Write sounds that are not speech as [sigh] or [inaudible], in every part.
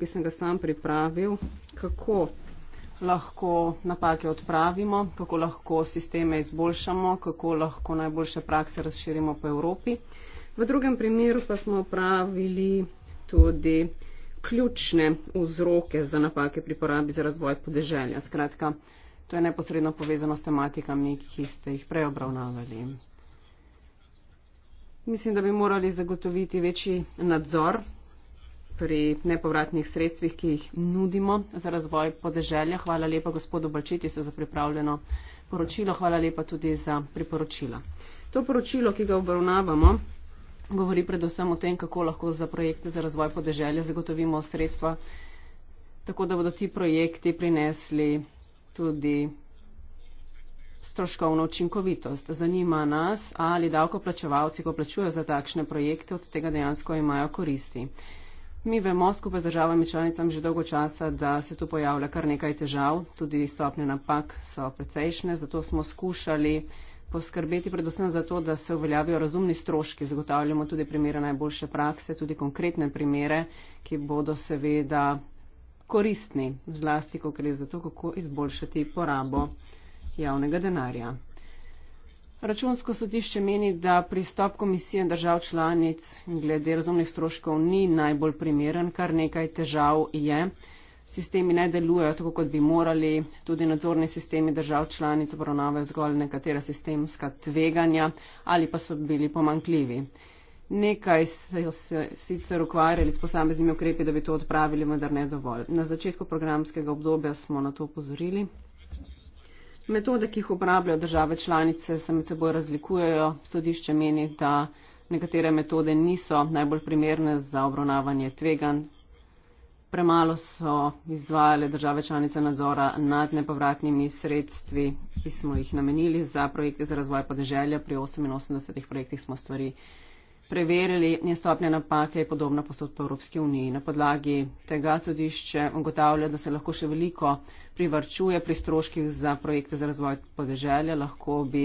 ki sem ga sam pripravil, kako lahko napake odpravimo, kako lahko sisteme izboljšamo, kako lahko najboljše prakse razširimo po Evropi. V drugem primeru pa smo upravili tudi ključne vzroke za napake pri porabi za razvoj podeželja. Skratka, to je neposredno povezano s tematikami, ki ste jih prej obravnavali. Mislim, da bi morali zagotoviti večji nadzor pri nepovratnih sredstvih, ki jih nudimo za razvoj podeželja. Hvala lepa gospodu Balčetisu za pripravljeno poročilo, hvala lepa tudi za priporočila. To poročilo, ki ga obravnavamo, govori predvsem o tem, kako lahko za projekte za razvoj podeželja zagotovimo sredstva, tako da bodo ti projekti prinesli tudi stroškovno učinkovitost. Zanima nas, ali davkoplačevalci, ko plačujejo za takšne projekte, od tega dejansko imajo koristi. Mi vemo skupaj z državami članicami že dolgo časa, da se tu pojavlja kar nekaj težav, tudi stopnje napak so precejšnje, zato smo skušali poskrbeti predvsem za to, da se uveljavijo razumni stroški, zagotavljamo tudi primere najboljše prakse, tudi konkretne primere, ki bodo seveda koristni, zlasti, ko gre za to, kako izboljšati porabo javnega denarja. Računsko sodišče meni, da pristop komisije držav članic glede razumnih stroškov ni najbolj primeren, kar nekaj težav je. Sistemi ne delujejo tako, kot bi morali, tudi nadzorni sistemi držav članic obravnavajo zgolj nekatera sistemska tveganja ali pa so bili pomankljivi. Nekaj se je sicer ukvarjali s posameznimi ukrepi, da bi to odpravili, vendar ne dovolj. Na začetku programskega obdobja smo na to upozorili. Metode, ki jih uporabljajo države članice, se med seboj razlikujejo. Sodišče meni, da nekatere metode niso najbolj primerne za obravnavanje tvegan. Premalo so izvajale države članice nadzora nad nepovratnimi sredstvi, ki smo jih namenili za projekte za razvoj podeželja. Pri 88 projektih smo stvari preverili stopnje napake, podobno posod po Evropski uniji. Na podlagi tega sodišče ugotavlja, da se lahko še veliko privrčuje pri stroških za projekte za razvoj podeželja, lahko bi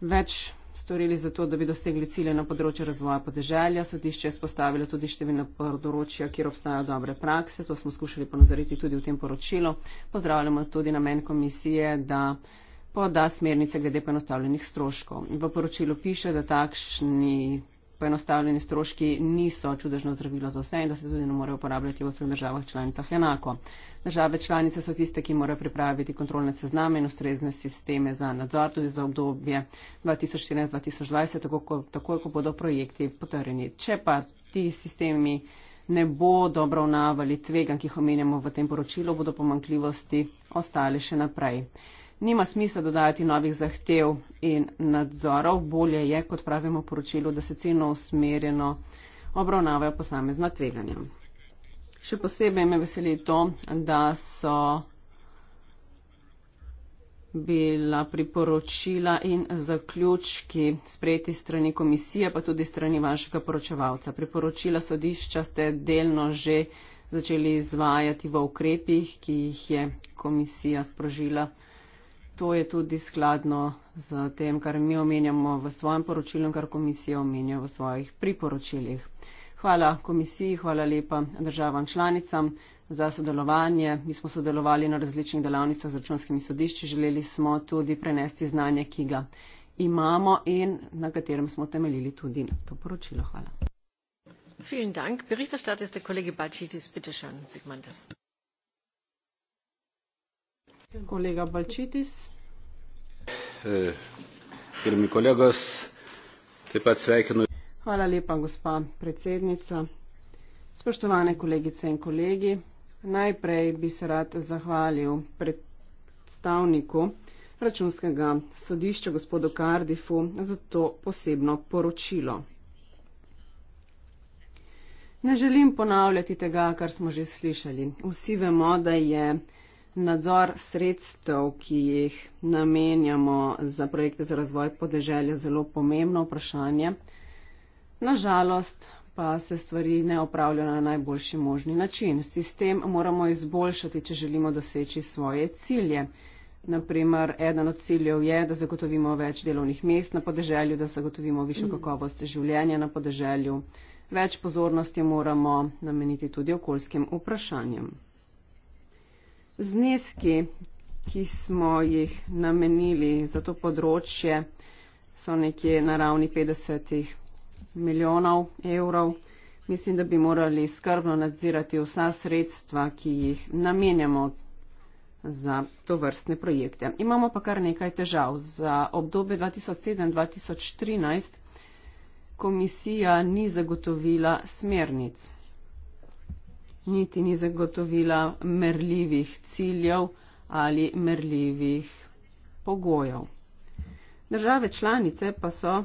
več storili za to, da bi dosegli cilje na področju razvoja podeželja. Sodišče je spostavilo tudi številne področja, kjer obstajajo dobre prakse. To smo skušali ponazoriti tudi v tem poročilu. Pozdravljamo tudi namen komisije, da pa da smernice glede poenostavljenih stroškov. V poročilu piše, da takšni poenostavljeni stroški niso čudežno zdravilo za vse in da se tudi ne morejo uporabljati v vseh državah članicah enako. Države članice so tiste, ki morajo pripraviti kontrolne sezname in ustrezne sisteme za nadzor tudi za obdobje 2014-2020, tako takoj, ko bodo projekti potrjeni. Če pa ti sistemi ne bodo obravnavali tvegan, ki jih omenjamo v tem poročilu, bodo pomankljivosti ostale še naprej. Nima smisla dodajati novih zahtev in nadzorov, bolje je, kot pravimo poročilo, da se ciljno usmerjeno obravnavajo posamezna tveganja. Še posebej me veseli to, da so bila priporočila in zaključki sprejeti strani komisije, pa tudi strani vašega poročevalca. Priporočila sodišča ste delno že začeli izvajati v ukrepih, ki jih je komisija sprožila. To je tudi skladno z tem, kar mi omenjamo v svojem poročilu in kar komisija omenja v svojih priporočilih. Hvala komisiji, hvala lepa državam članicam za sodelovanje. Mi smo sodelovali na različnih delavnicah z računskimi sodišči, želeli smo tudi prenesti znanje, ki ga imamo in na katerem smo temeljili tudi to poročilo. Hvala. Kolega Balčitis. Eh, Hvala lepa, gospa predsednica. Spoštovane kolegice in kolegi, najprej bi se rad zahvalil predstavniku računskega sodišča, gospodu Kardifu, za to posebno poročilo. Ne želim ponavljati tega, kar smo že slišali. Vsi vemo, da je nadzor sredstev, ki jih namenjamo za projekte za razvoj podeželja, zelo pomembno vprašanje. Nažalost pa se stvari ne opravljajo na najboljši možni način. Sistem moramo izboljšati, če želimo doseči svoje cilje. Naprimer, eden od ciljev je, da zagotovimo več delovnih mest na podeželju, da zagotovimo višjo kakovost življenja na podeželju. Več pozornosti moramo nameniti tudi okoljskim vprašanjem. Zneski, ki smo jih namenili za to področje, so nekje na ravni 50 milijonov evrov. Mislim, da bi morali skrbno nadzirati vsa sredstva, ki jih namenjamo za to vrstne projekte. Imamo pa kar nekaj težav. Za obdobje 2007-2013 komisija ni zagotovila smernic niti ni zagotovila merljivih ciljev ali merljivih pogojev. Države članice pa so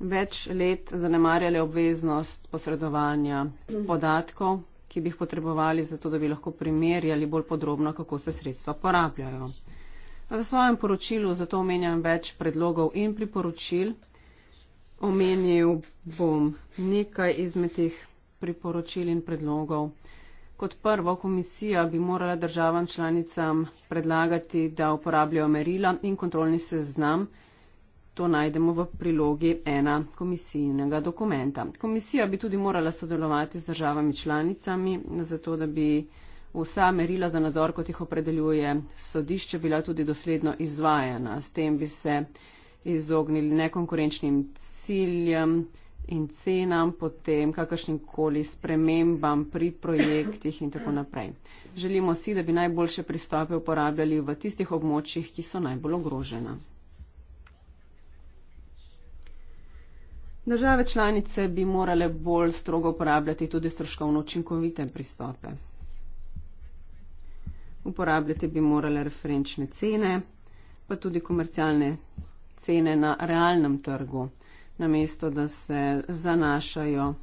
več let zanemarjale obveznost posredovanja podatkov, ki bi jih potrebovali za to, da bi lahko primerjali bolj podrobno, kako se sredstva porabljajo. V svojem poročilu zato omenjam več predlogov in priporočil. Omenil bom nekaj izmed teh priporočil in predlogov. Kot prvo, komisija bi morala državam članicam predlagati, da uporabljajo merila in kontrolni seznam. To najdemo v prilogi ena komisijnega dokumenta. Komisija bi tudi morala sodelovati z državami članicami, zato da bi vsa merila za nadzor, kot jih opredeljuje sodišče, bila tudi dosledno izvajana. S tem bi se izognili nekonkurenčnim ciljem in cenam, potem kakršnim koli spremembam pri projektih in tako naprej. Želimo si, da bi najboljše pristope uporabljali v tistih območjih, ki so najbolj ogrožena. Države članice bi morale bolj strogo uporabljati tudi stroškovno učinkovite pristope. Uporabljati bi morale referenčne cene, pa tudi komercialne cene na realnem trgu namesto da se zanašajo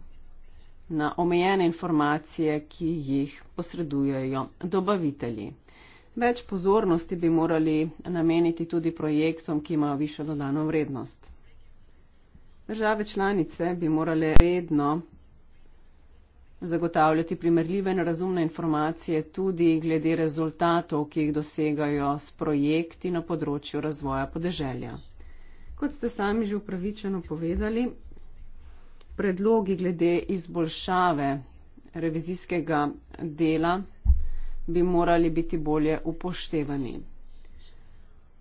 na omejene informacije, ki jih posredujejo dobavitelji. Več pozornosti bi morali nameniti tudi projektom, ki imajo višjo dodano vrednost. Države članice bi morale redno zagotavljati primerljive in razumne informacije tudi glede rezultatov, ki jih dosegajo s projekti na področju razvoja podeželja. Kot ste sami že upravičeno povedali, predlogi glede izboljšave revizijskega dela bi morali biti bolje upoštevani.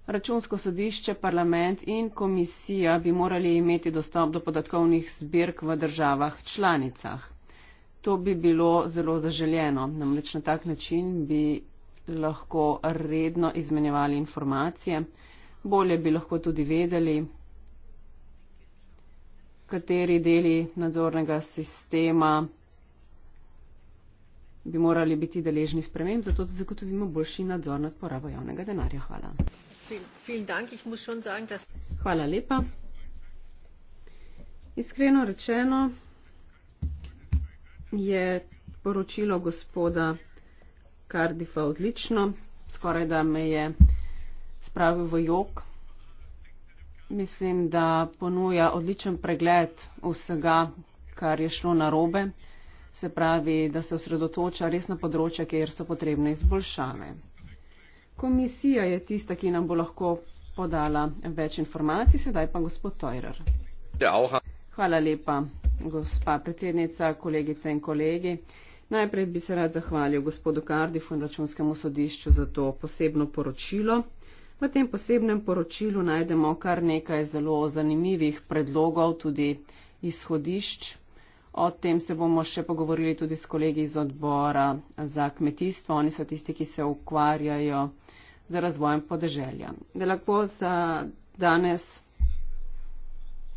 Računsko sodišče, parlament in komisija bi morali imeti dostop do podatkovnih zbirk v državah članicah. To bi bilo zelo zaželjeno, namreč na tak način bi lahko redno izmenjevali informacije, bolje bi lahko tudi vedeli, kateri deli nadzornega sistema bi morali biti deležni sprememb, zato da zagotovimo boljši nadzor nad porabo javnega denarja. Hvala. Hvala lepa. Iskreno rečeno je poročilo gospoda Cardiffa odlično, skoraj da me je spravil v jog. Mislim, da ponuja odličen pregled vsega, kar je šlo na robe, se pravi, da se osredotoča res na področja, kjer so potrebne izboljšave. Komisija je tista, ki nam bo lahko podala več informacij, sedaj pa gospod Tojrer. Hvala lepa, gospa predsednica, kolegice in kolegi. Najprej bi se rad zahvalil gospodu Kardifu in računskemu sodišču za to posebno poročilo. V tem posebnem poročilu najdemo kar nekaj zelo zanimivih predlogov, tudi izhodišč. O tem se bomo še pogovorili tudi s kolegi iz odbora za kmetijstvo. Oni so tisti, ki se ukvarjajo z razvojem podeželja. Da lahko za danes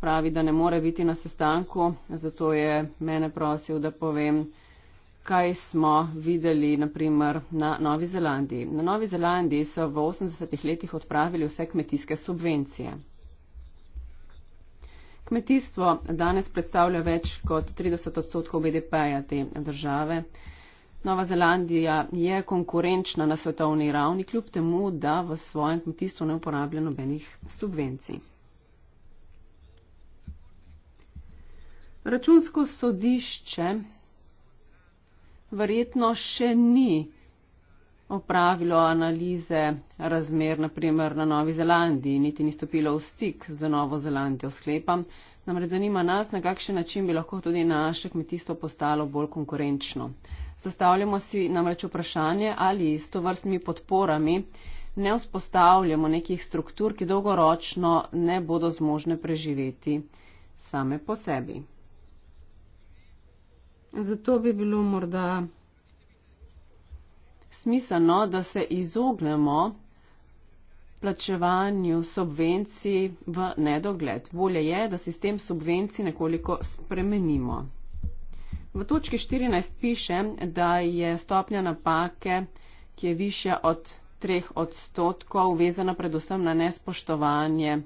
pravi, da ne more biti na sestanku, zato je mene prosil, da povem kaj smo videli naprimer na Novi Zelandiji. Na Novi Zelandiji so v 80-ih letih odpravili vse kmetijske subvencije. Kmetijstvo danes predstavlja več kot 30 odstotkov BDP-ja te države. Nova Zelandija je konkurenčna na svetovni ravni, kljub temu, da v svojem kmetijstvu ne uporablja nobenih subvencij. Računsko sodišče verjetno še ni opravilo analize razmer, naprimer na Novi Zelandiji, niti ni stopilo v stik z Novo Zelandijo, sklepam. Namreč zanima nas, na kakšen način bi lahko tudi naše kmetijstvo postalo bolj konkurenčno. Zastavljamo si namreč vprašanje, ali s to vrstnimi podporami ne vzpostavljamo nekih struktur, ki dolgoročno ne bodo zmožne preživeti same po sebi. Zato bi bilo morda smiselno, da se izognemo plačevanju subvencij v nedogled. Bolje je, da sistem subvencij nekoliko spremenimo. V točki 14 piše, da je stopnja napake, ki je višja od 3 odstotkov, vezana predvsem na nespoštovanje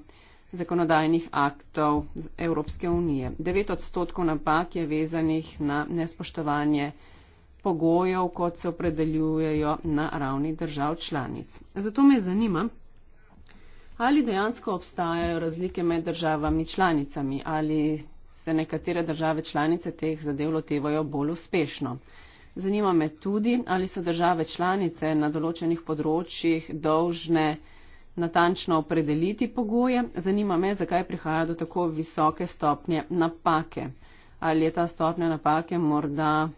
zakonodajnih aktov Evropske unije. Devet odstotkov napak je vezanih na nespoštovanje pogojev, kot se opredeljujejo na ravni držav članic. Zato me zanima, ali dejansko obstajajo razlike med državami članicami, ali se nekatere države članice teh zadev lotevajo bolj uspešno. Zanima me tudi, ali so države članice na določenih področjih dolžne natančno opredeliti pogoje. Zanima me, zakaj prihaja do tako visoke stopnje napake. Ali je ta stopnja napake morda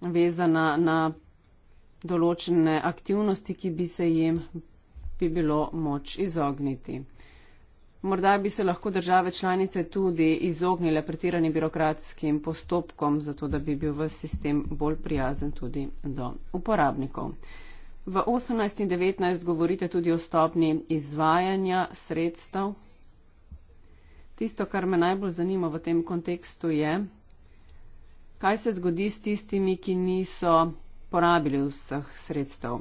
vezana na določene aktivnosti, ki bi se jim bi bilo moč izogniti. Morda bi se lahko države članice tudi izognile pretiranim birokratskim postopkom, zato da bi bil v sistem bolj prijazen tudi do uporabnikov. V 18 in 19 govorite tudi o stopni izvajanja sredstev. Tisto, kar me najbolj zanima v tem kontekstu je, kaj se zgodi s tistimi, ki niso porabili vseh sredstev.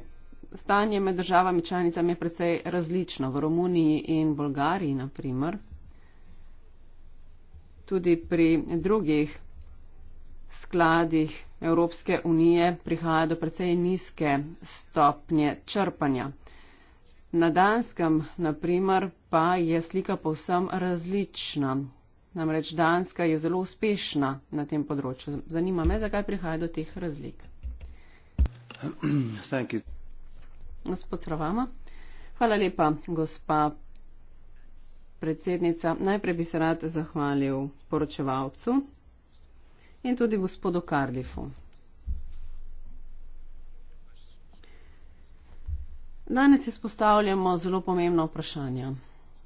Stanje med državami članicami je precej različno. V Romuniji in Bolgariji, naprimer, tudi pri drugih skladih Evropske unije prihaja do precej nizke stopnje črpanja. Na Danskem, naprimer, pa je slika povsem različna. Namreč Danska je zelo uspešna na tem področju. Zanima me, zakaj prihaja do teh razlik. [clears throat] Gospod Sravama, hvala lepa, gospa predsednica. Najprej bi se rad zahvalil poročevalcu in tudi gospodu Kardifu. Danes izpostavljamo zelo pomembna vprašanja.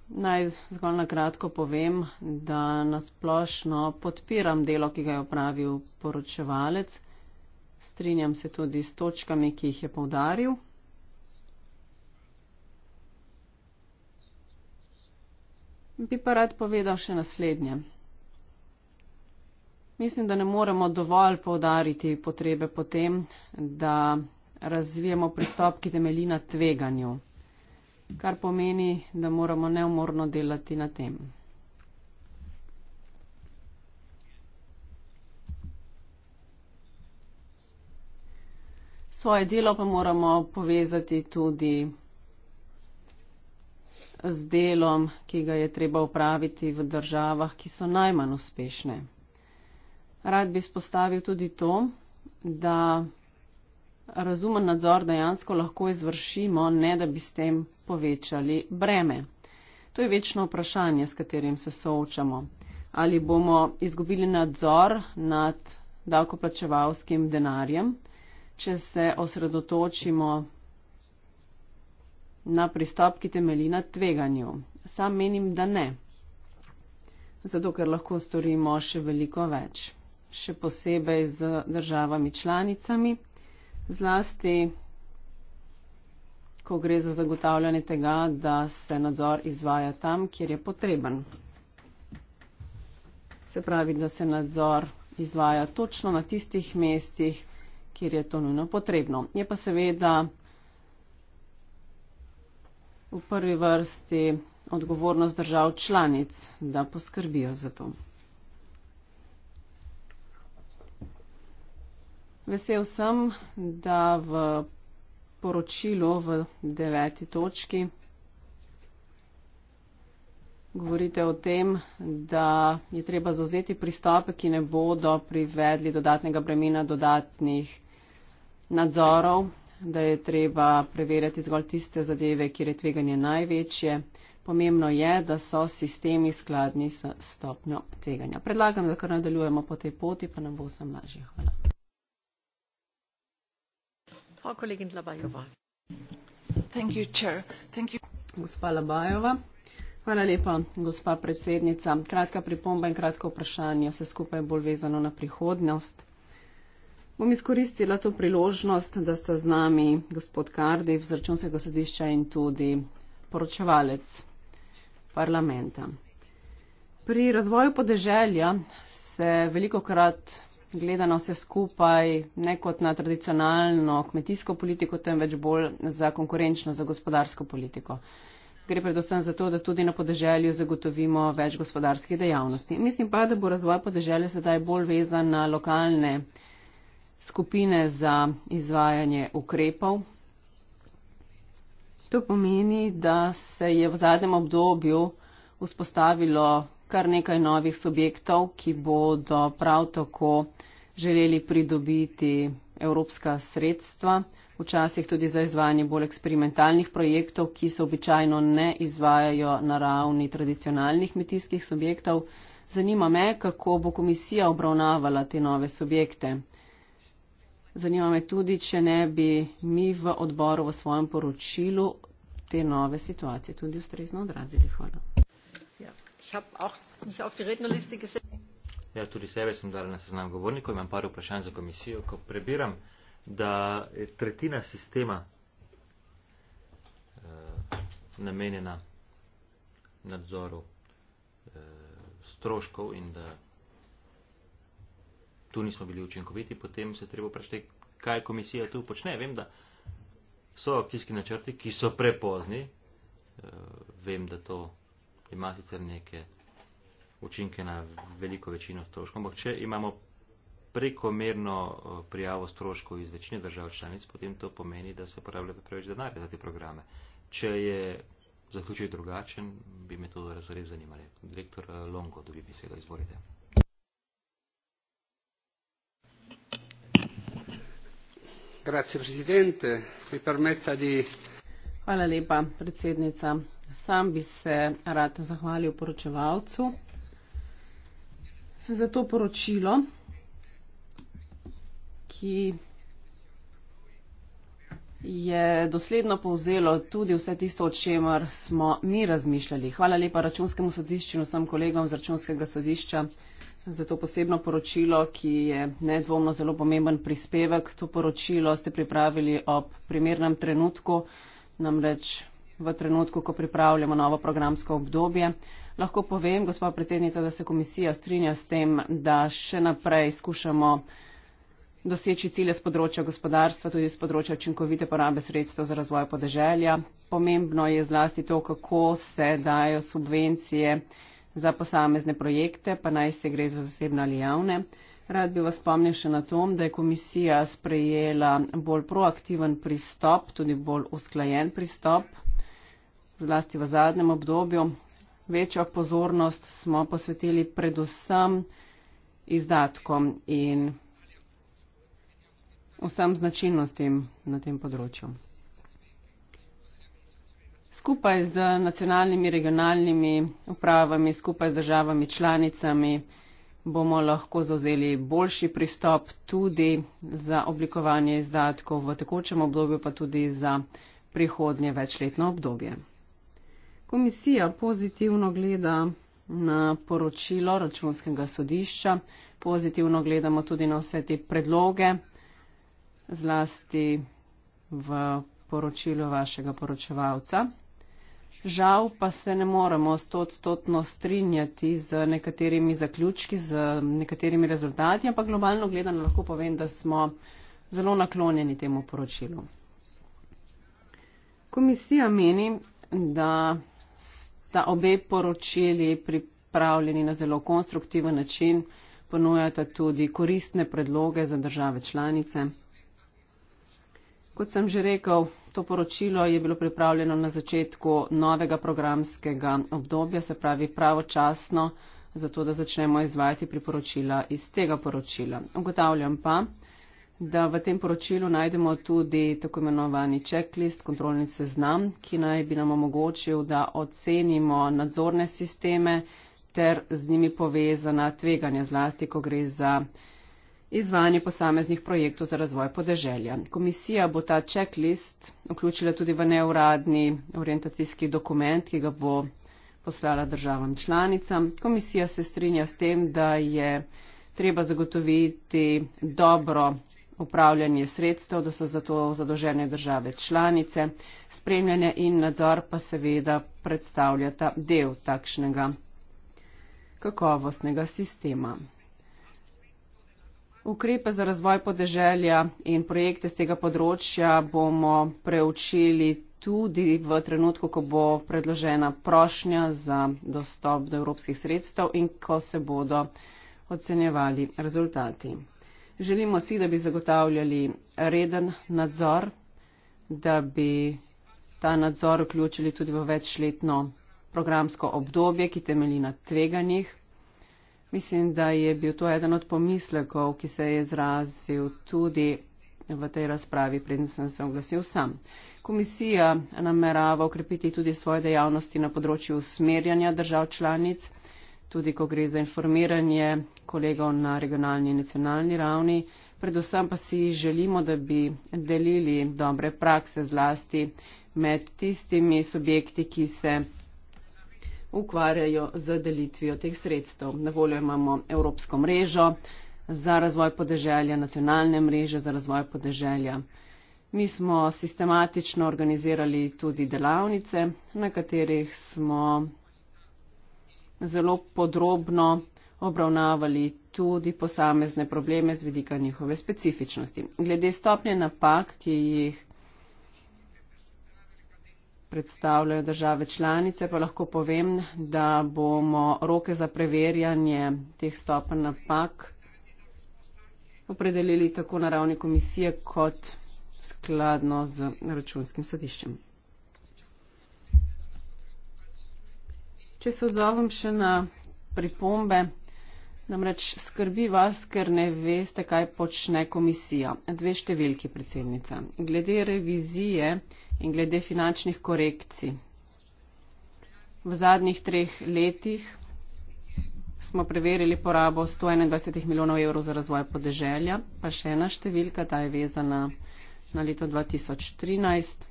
Naj zgolj na kratko povem, da nasplošno podpiram delo, ki ga je opravil poročevalec. Strinjam se tudi s točkami, ki jih je povdaril. Bi pa rad povedal še naslednje. Mislim, da ne moremo dovolj povdariti potrebe potem, da razvijemo pristop, ki temelji na tveganju, kar pomeni, da moramo neumorno delati na tem. Svoje delo pa moramo povezati tudi z delom, ki ga je treba upraviti v državah, ki so najmanj uspešne. Rad bi spostavil tudi to, da razumen nadzor dejansko lahko izvršimo, ne da bi s tem povečali breme. To je večno vprašanje, s katerim se soočamo. Ali bomo izgubili nadzor nad davkoplačevalskim denarjem, če se osredotočimo na pristop, ki temelji na tveganju? Sam menim, da ne. Zato, ker lahko storimo še veliko več še posebej z državami članicami, zlasti ko gre za zagotavljanje tega, da se nadzor izvaja tam, kjer je potreben. Se pravi, da se nadzor izvaja točno na tistih mestih, kjer je to nujno potrebno. Je pa seveda v prvi vrsti odgovornost držav članic, da poskrbijo za to. Vesel sem, da v poročilu v deveti točki govorite o tem, da je treba zauzeti pristope, ki ne bodo privedli dodatnega bremena, dodatnih nadzorov, da je treba preverjati zgolj tiste zadeve, kjer je tveganje največje. Pomembno je, da so sistemi skladni s stopnjo tveganja. Predlagam, da kar nadaljujemo po tej poti, pa nam bo vsem lažje. Hvala. Hvala lepa, gospa predsednica. Kratka pripomba in kratko vprašanje, vse skupaj bolj vezano na prihodnost. Bom izkoristila to priložnost, da sta z nami gospod Kardi iz računskega sodišča in tudi poročevalec parlamenta. Pri razvoju podeželja se veliko krat gleda na vse skupaj ne kot na tradicionalno kmetijsko politiko, temveč bolj za konkurenčno, za gospodarsko politiko. Gre predvsem za to, da tudi na podeželju zagotovimo več gospodarskih dejavnosti. Mislim pa, da bo razvoj podeželja sedaj bolj vezan na lokalne skupine za izvajanje ukrepov. To pomeni, da se je v zadnjem obdobju vzpostavilo kar nekaj novih subjektov, ki bodo prav tako želeli pridobiti evropska sredstva, včasih tudi za izvajanje bolj eksperimentalnih projektov, ki se običajno ne izvajajo na ravni tradicionalnih metijskih subjektov. Zanima me, kako bo komisija obravnavala te nove subjekte. Zanima me tudi, če ne bi mi v odboru v svojem poročilu te nove situacije tudi ustrezno odrazili. Hvala. Ich habe auch mich auf die Rednerliste gesetzt. Ja, tudi sebe sem dala na seznam govornikov, imam par vprašanj za komisijo, ko prebiram, da je tretjina sistema eh, namenjena nadzoru eh, stroškov in da tu nismo bili učinkoviti, potem se treba vprašati, kaj komisija tu počne. Vem, da so akcijski načrti, ki so prepozni, eh, vem, da to ima sicer neke učinke na veliko večino stroškov, ampak če imamo prekomerno prijavo stroškov iz večine držav članic, potem to pomeni, da se porablja preveč denarja za te programe. Če je zaključek drugačen, bi me to res zanimalo. Direktor eh, Longo, dobi bi se ga izvolite. Grazie, Presidente. Mi permetta di... Hvala lepa, predsednica. Sam bi se rad zahvalil poročevalcu za to poročilo, ki je dosledno povzelo tudi vse tisto, o čemer smo mi razmišljali. Hvala lepa računskemu sodišču in vsem kolegom z računskega sodišča za to posebno poročilo, ki je nedvomno zelo pomemben prispevek. To poročilo ste pripravili ob primernem trenutku, namreč v trenutku, ko pripravljamo novo programsko obdobje. Lahko povem, gospa predsednica, da se komisija strinja s tem, da še naprej skušamo doseči cilje z področja gospodarstva, tudi z področja učinkovite porabe sredstev za razvoj podeželja. Pomembno je zlasti to, kako se dajo subvencije za posamezne projekte, pa naj se gre za zasebne ali javne. Rad bi vas spomnil še na tom, da je komisija sprejela bolj proaktiven pristop, tudi bolj usklajen pristop zlasti v zadnjem obdobju. Večjo pozornost smo posvetili predvsem izdatkom in vsem značilnostim na tem področju. Skupaj z nacionalnimi, regionalnimi upravami, skupaj z državami članicami bomo lahko zauzeli boljši pristop tudi za oblikovanje izdatkov v tekočem obdobju, pa tudi za prihodnje večletno obdobje. Komisija pozitivno gleda na poročilo računskega sodišča, pozitivno gledamo tudi na vse te predloge, zlasti v poročilo vašega poročevalca. Žal pa se ne moremo stotstotno strinjati z nekaterimi zaključki, z nekaterimi rezultati, ampak globalno gledano lahko povem, da smo zelo naklonjeni temu poročilu. Komisija meni, da ta obe poročili pripravljeni na zelo konstruktiven način ponujata tudi koristne predloge za države članice. Kot sem že rekel, to poročilo je bilo pripravljeno na začetku novega programskega obdobja, se pravi pravočasno, zato da začnemo izvajati priporočila iz tega poročila. Ugotavljam pa, da v tem poročilu najdemo tudi tako imenovani checklist, kontrolni seznam, ki naj bi nam omogočil, da ocenimo nadzorne sisteme ter z njimi povezana tveganja, zlasti ko gre za izvajanje posameznih projektov za razvoj podeželja. Komisija bo ta checklist vključila tudi v neuradni orientacijski dokument, ki ga bo poslala državam članicam. Komisija se strinja s tem, da je treba zagotoviti dobro upravljanje sredstev, da so za to zadožene države članice, spremljanje in nadzor pa seveda predstavljata del takšnega kakovostnega sistema. Ukrepe za razvoj podeželja in projekte z tega področja bomo preučili tudi v trenutku, ko bo predložena prošnja za dostop do evropskih sredstev in ko se bodo ocenjevali rezultati. Želimo si, da bi zagotavljali reden nadzor, da bi ta nadzor vključili tudi v večletno programsko obdobje, ki temeli na tveganjih. Mislim, da je bil to eden od pomislekov, ki se je izrazil tudi v tej razpravi, predtem sem se oglasil sam. Komisija namerava okrepiti tudi svoje dejavnosti na področju usmerjanja držav članic tudi ko gre za informiranje kolegov na regionalni in nacionalni ravni. Predvsem pa si želimo, da bi delili dobre prakse zlasti med tistimi subjekti, ki se ukvarjajo z delitvijo teh sredstev. Na voljo imamo Evropsko mrežo za razvoj podeželja, nacionalne mreže za razvoj podeželja. Mi smo sistematično organizirali tudi delavnice, na katerih smo zelo podrobno obravnavali tudi posamezne probleme z vidika njihove specifičnosti. Glede stopnje napak, ki jih predstavljajo države članice, pa lahko povem, da bomo roke za preverjanje teh stopenj napak opredelili tako na ravni komisije kot skladno z računskim sodiščem. Če se odzovem še na pripombe, namreč skrbi vas, ker ne veste, kaj počne komisija. Dve številki, predsednica. Glede revizije in glede finančnih korekcij. V zadnjih treh letih smo preverili porabo 121 milijonov evrov za razvoj podeželja, pa še ena številka, ta je vezana na leto 2013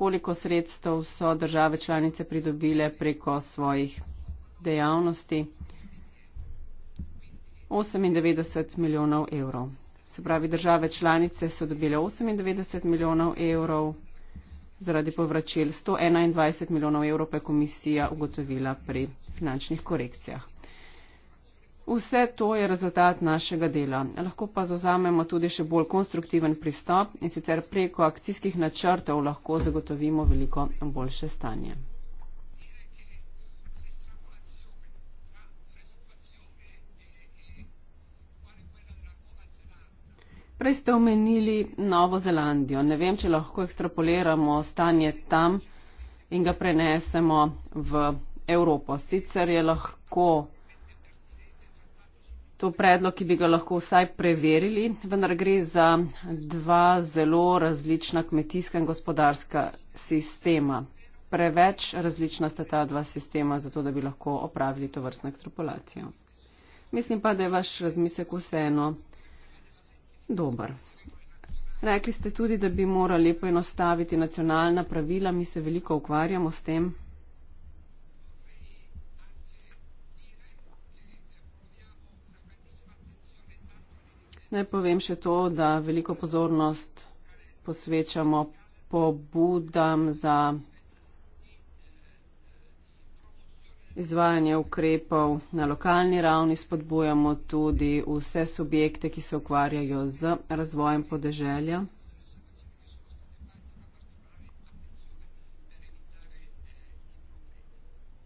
koliko sredstev so države članice pridobile preko svojih dejavnosti. 98 milijonov evrov. Se pravi, države članice so dobile 98 milijonov evrov zaradi povračil 121 milijonov evrov, pa je komisija ugotovila pri finančnih korekcijah. Vse to je rezultat našega dela. Lahko pa zauzamemo tudi še bolj konstruktiven pristop in sicer preko akcijskih načrtov lahko zagotovimo veliko boljše stanje. Prej ste omenili Novo Zelandijo. Ne vem, če lahko ekstrapoliramo stanje tam in ga prenesemo v Evropo. Sicer je lahko to predlog, ki bi ga lahko vsaj preverili, vendar gre za dva zelo različna kmetijska in gospodarska sistema. Preveč različna sta ta dva sistema, zato da bi lahko opravili to vrstno ekstrapolacijo. Mislim pa, da je vaš razmislek vseeno dober. Rekli ste tudi, da bi morali poenostaviti nacionalna pravila, mi se veliko ukvarjamo s tem, Naj povem še to, da veliko pozornost posvečamo pobudam za izvajanje ukrepov na lokalni ravni, spodbujamo tudi vse subjekte, ki se ukvarjajo z razvojem podeželja.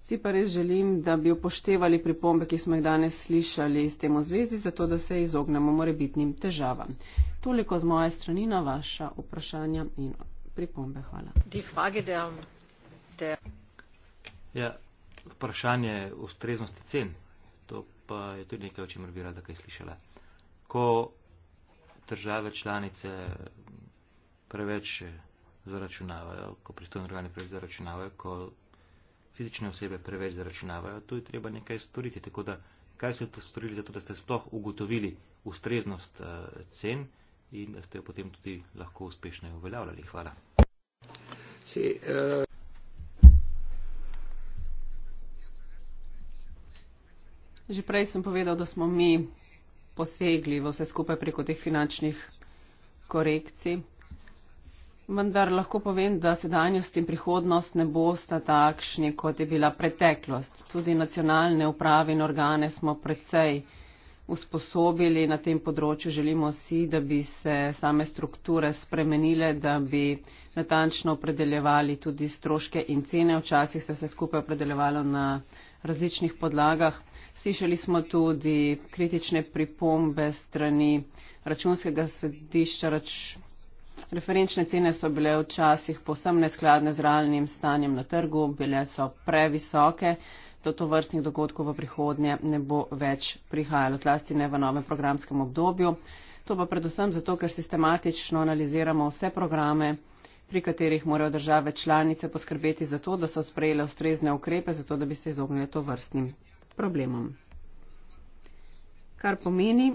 Si pa res želim, da bi upoštevali pripombe, ki smo jih danes slišali s tem v zvezi, zato da se izognemo morebitnim težavam. Toliko z moje strani na vaša vprašanja in pripombe. Hvala. Ja, vprašanje ustreznosti cen, to pa je tudi nekaj, o čemer bi rada kaj slišala. Ko države članice preveč zaračunavajo, ko pristojni organi preveč zaračunavajo, ko fizične osebe preveč zaračunavajo, tu je treba nekaj storiti. Tako da, kaj ste to storili, zato da ste sploh ugotovili ustreznost uh, cen in da ste jo potem tudi lahko uspešno uveljavljali? Hvala. Si, uh... Že prej sem povedal, da smo mi posegli v vse skupaj preko teh finančnih korekcij. Vendar lahko povem, da sedanjost in prihodnost ne bosta takšni, kot je bila preteklost. Tudi nacionalne uprave in organe smo precej usposobili na tem področju. Želimo si, da bi se same strukture spremenile, da bi natančno opredeljevali tudi stroške in cene. Včasih se vse skupaj opredeljevalo na različnih podlagah. Slišali smo tudi kritične pripombe strani računskega sedišča, rač, Referenčne cene so bile včasih posebno neskladne z realnim stanjem na trgu, bile so previsoke, do to vrstnih dogodkov v prihodnje ne bo več prihajalo, zlasti ne v novem programskem obdobju. To pa predvsem zato, ker sistematično analiziramo vse programe, pri katerih morajo države članice poskrbeti za to, da so sprejele ustrezne ukrepe, zato da bi se izognili to vrstnim problemom. Kar pomeni,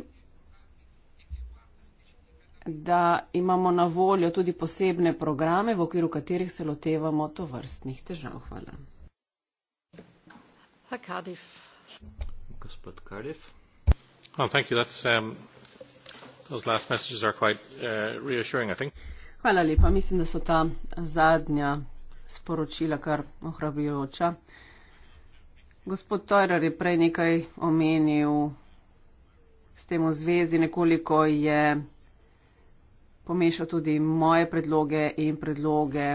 da imamo na voljo tudi posebne programe, v okviru katerih se lotevamo to vrstnih težav. Hvala. Gospod Kardif. Um, uh, Hvala lepa. Mislim, da so ta zadnja sporočila kar ohrabrujoča. Gospod Toirer je prej nekaj omenil s tem v zvezi, nekoliko je pomešal tudi moje predloge in predloge,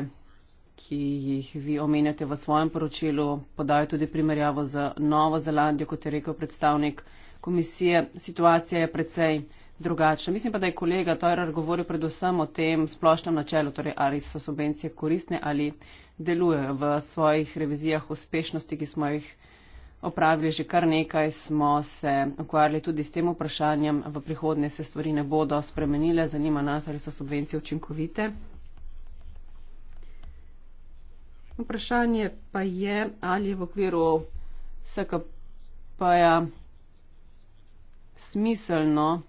ki jih vi omenjate v svojem poročilu, podajo tudi primerjavo z Novo Zelandijo, kot je rekel predstavnik komisije. Situacija je precej drugačna. Mislim pa, da je kolega Tojrar govoril predvsem o tem splošnem načelu, torej ali so subvencije koristne ali delujejo v svojih revizijah uspešnosti, ki smo jih opravili že kar nekaj, smo se ukvarjali tudi s tem vprašanjem, v prihodnje se stvari ne bodo spremenile, zanima nas, ali so subvencije učinkovite. Vprašanje pa je, ali je v okviru SKP-ja smiselno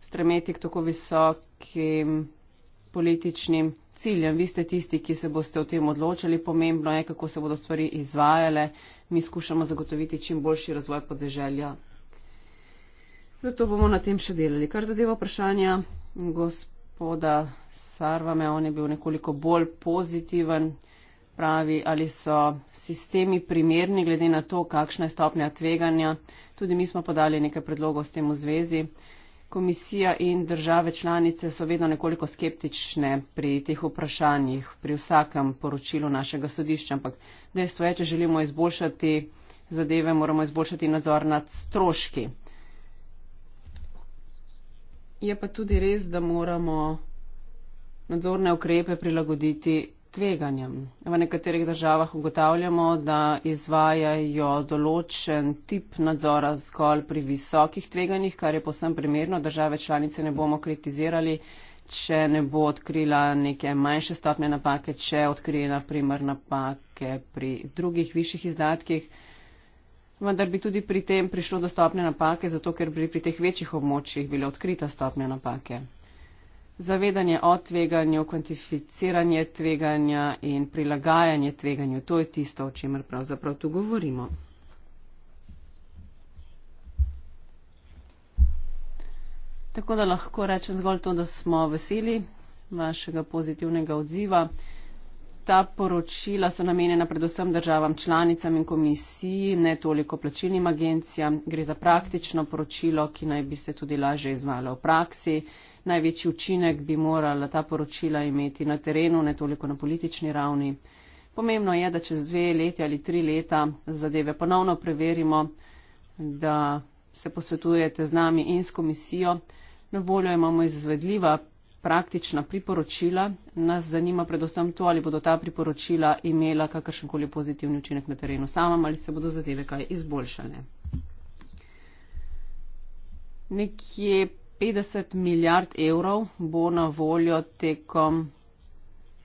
stremeti k tako visokim političnim ciljem. Vi ste tisti, ki se boste o tem odločili. Pomembno je, kako se bodo stvari izvajale. Mi skušamo zagotoviti čim boljši razvoj podeželja. Zato bomo na tem še delali. Kar zadeva vprašanja gospoda Sarvame, on je bil nekoliko bolj pozitiven. Pravi, ali so sistemi primerni glede na to, kakšna je stopnja tveganja. Tudi mi smo podali nekaj predlogov s tem v zvezi. Komisija in države članice so vedno nekoliko skeptične pri teh vprašanjih, pri vsakem poročilu našega sodišča, ampak dejstvo je, če želimo izboljšati zadeve, moramo izboljšati nadzor nad stroški. Je pa tudi res, da moramo nadzorne ukrepe prilagoditi tveganjem. V nekaterih državah ugotavljamo, da izvajajo določen tip nadzora zgolj pri visokih tveganjih, kar je posem primerno. Države članice ne bomo kritizirali, če ne bo odkrila neke manjše stopne napake, če odkrije na primer napake pri drugih višjih izdatkih. Vendar bi tudi pri tem prišlo do stopne napake, zato ker bi pri teh večjih območjih bile odkrita stopne napake zavedanje o tveganju, kvantificiranje tveganja in prilagajanje tveganju. To je tisto, o čemer pravzaprav tu govorimo. Tako da lahko rečem zgolj to, da smo veseli vašega pozitivnega odziva. Ta poročila so namenjena predvsem državam članicam in komisiji, ne toliko plačilnim agencijam. Gre za praktično poročilo, ki naj bi se tudi lažje izvalo v praksi največji učinek bi morala ta poročila imeti na terenu, ne toliko na politični ravni. Pomembno je, da čez dve leti ali tri leta zadeve ponovno preverimo, da se posvetujete z nami in s komisijo. Na voljo imamo izvedljiva praktična priporočila. Nas zanima predvsem to, ali bodo ta priporočila imela kakršenkoli pozitivni učinek na terenu samem ali se bodo zadeve kaj izboljšale. Nekje 50 milijard evrov bo na voljo tekom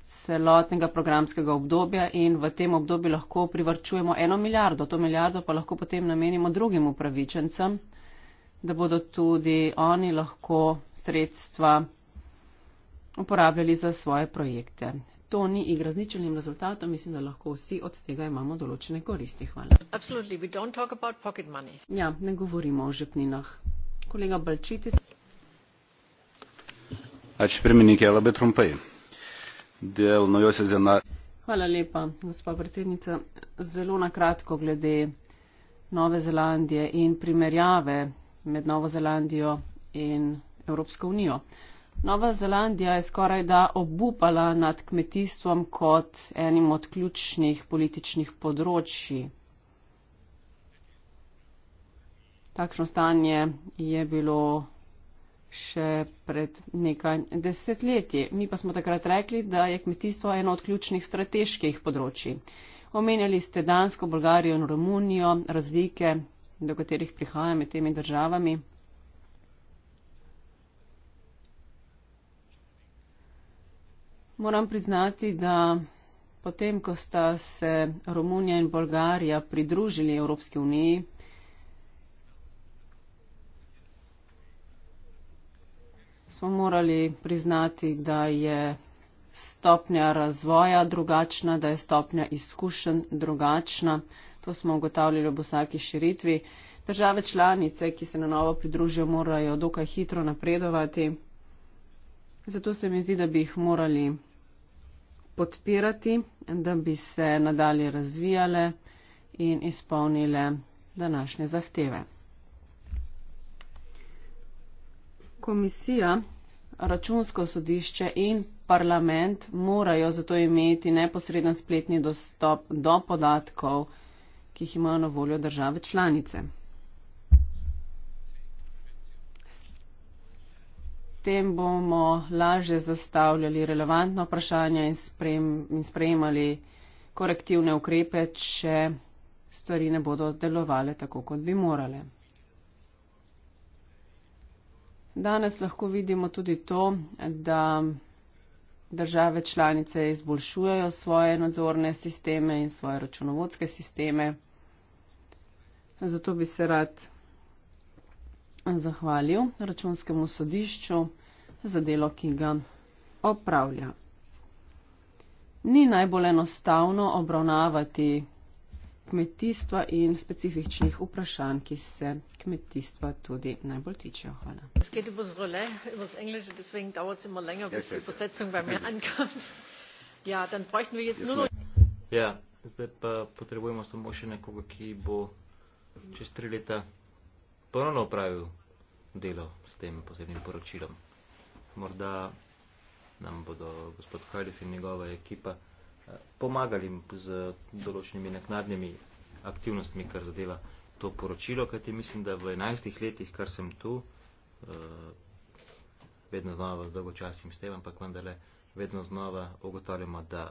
celotnega programskega obdobja in v tem obdobju lahko privrčujemo eno milijardo. To milijardo pa lahko potem namenimo drugim upravičencem, da bodo tudi oni lahko sredstva uporabljali za svoje projekte. To ni igra z ničelnim rezultatom, mislim, da lahko vsi od tega imamo določene koristi. Hvala. Ja, ne govorimo o žepninah. Kolega Balčitis zelo na kratko glede nove zelandije in primerjave med novo zelandijo in evropsko unijo nova zelandija je skoraj da obupala nad kmetijstvom kot enim od ključnih političnih področji takšno stanje je bilo še pred nekaj desetletji. Mi pa smo takrat rekli, da je kmetijstvo eno od ključnih strateških področji. Omenjali ste Dansko, Bolgarijo in Romunijo, razlike, do katerih prihaja med temi državami. Moram priznati, da potem, ko sta se Romunija in Bolgarija pridružili Evropski uniji smo morali priznati, da je stopnja razvoja drugačna, da je stopnja izkušenj drugačna. To smo ugotavljali ob vsaki širitvi. Države članice, ki se na novo pridružijo, morajo dokaj hitro napredovati. Zato se mi zdi, da bi jih morali podpirati, da bi se nadalje razvijale in izpolnile današnje zahteve. komisija, računsko sodišče in parlament morajo zato imeti neposreden spletni dostop do podatkov, ki jih imajo na voljo države članice. S tem bomo lažje zastavljali relevantno vprašanje in, sprem, in sprejemali korektivne ukrepe, če stvari ne bodo delovale tako, kot bi morale. Danes lahko vidimo tudi to, da države članice izboljšujejo svoje nadzorne sisteme in svoje računovodske sisteme. Zato bi se rad zahvalil računskemu sodišču za delo, ki ga opravlja. Ni najbolj enostavno obravnavati kmetijstva in specifičnih vprašanj, ki se kmetijstva tudi najbolj tičejo. Hvala. Ja, zdaj pa potrebujemo samo še nekoga, ki bo čez tri leta ponovno opravil delo s tem posebnim poročilom. Morda nam bodo gospod Kajlif in njegova ekipa pomagali jim z določenimi naknadnimi aktivnostmi, kar zadeva to poročilo, kajti mislim, da v 11 letih, kar sem tu, eh, vedno znova z dolgočasim s tem, ampak vendarle vedno znova ugotavljamo, da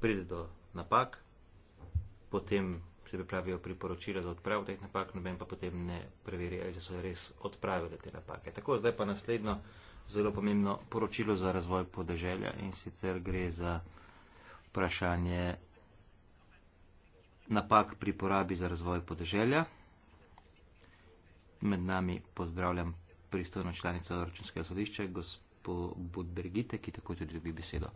pride do napak, potem se pripravijo priporočila za odpravo teh napak, noben pa potem ne preverja, ali so res odpravili te napake. Tako, zdaj pa naslednjo zelo pomembno poročilo za razvoj podeželja in sicer gre za vprašanje napak pri porabi za razvoj podeželja. Med nami pozdravljam pristojno članico računskega sodišča, gospod Budbergite, ki tako tudi dobi besedo.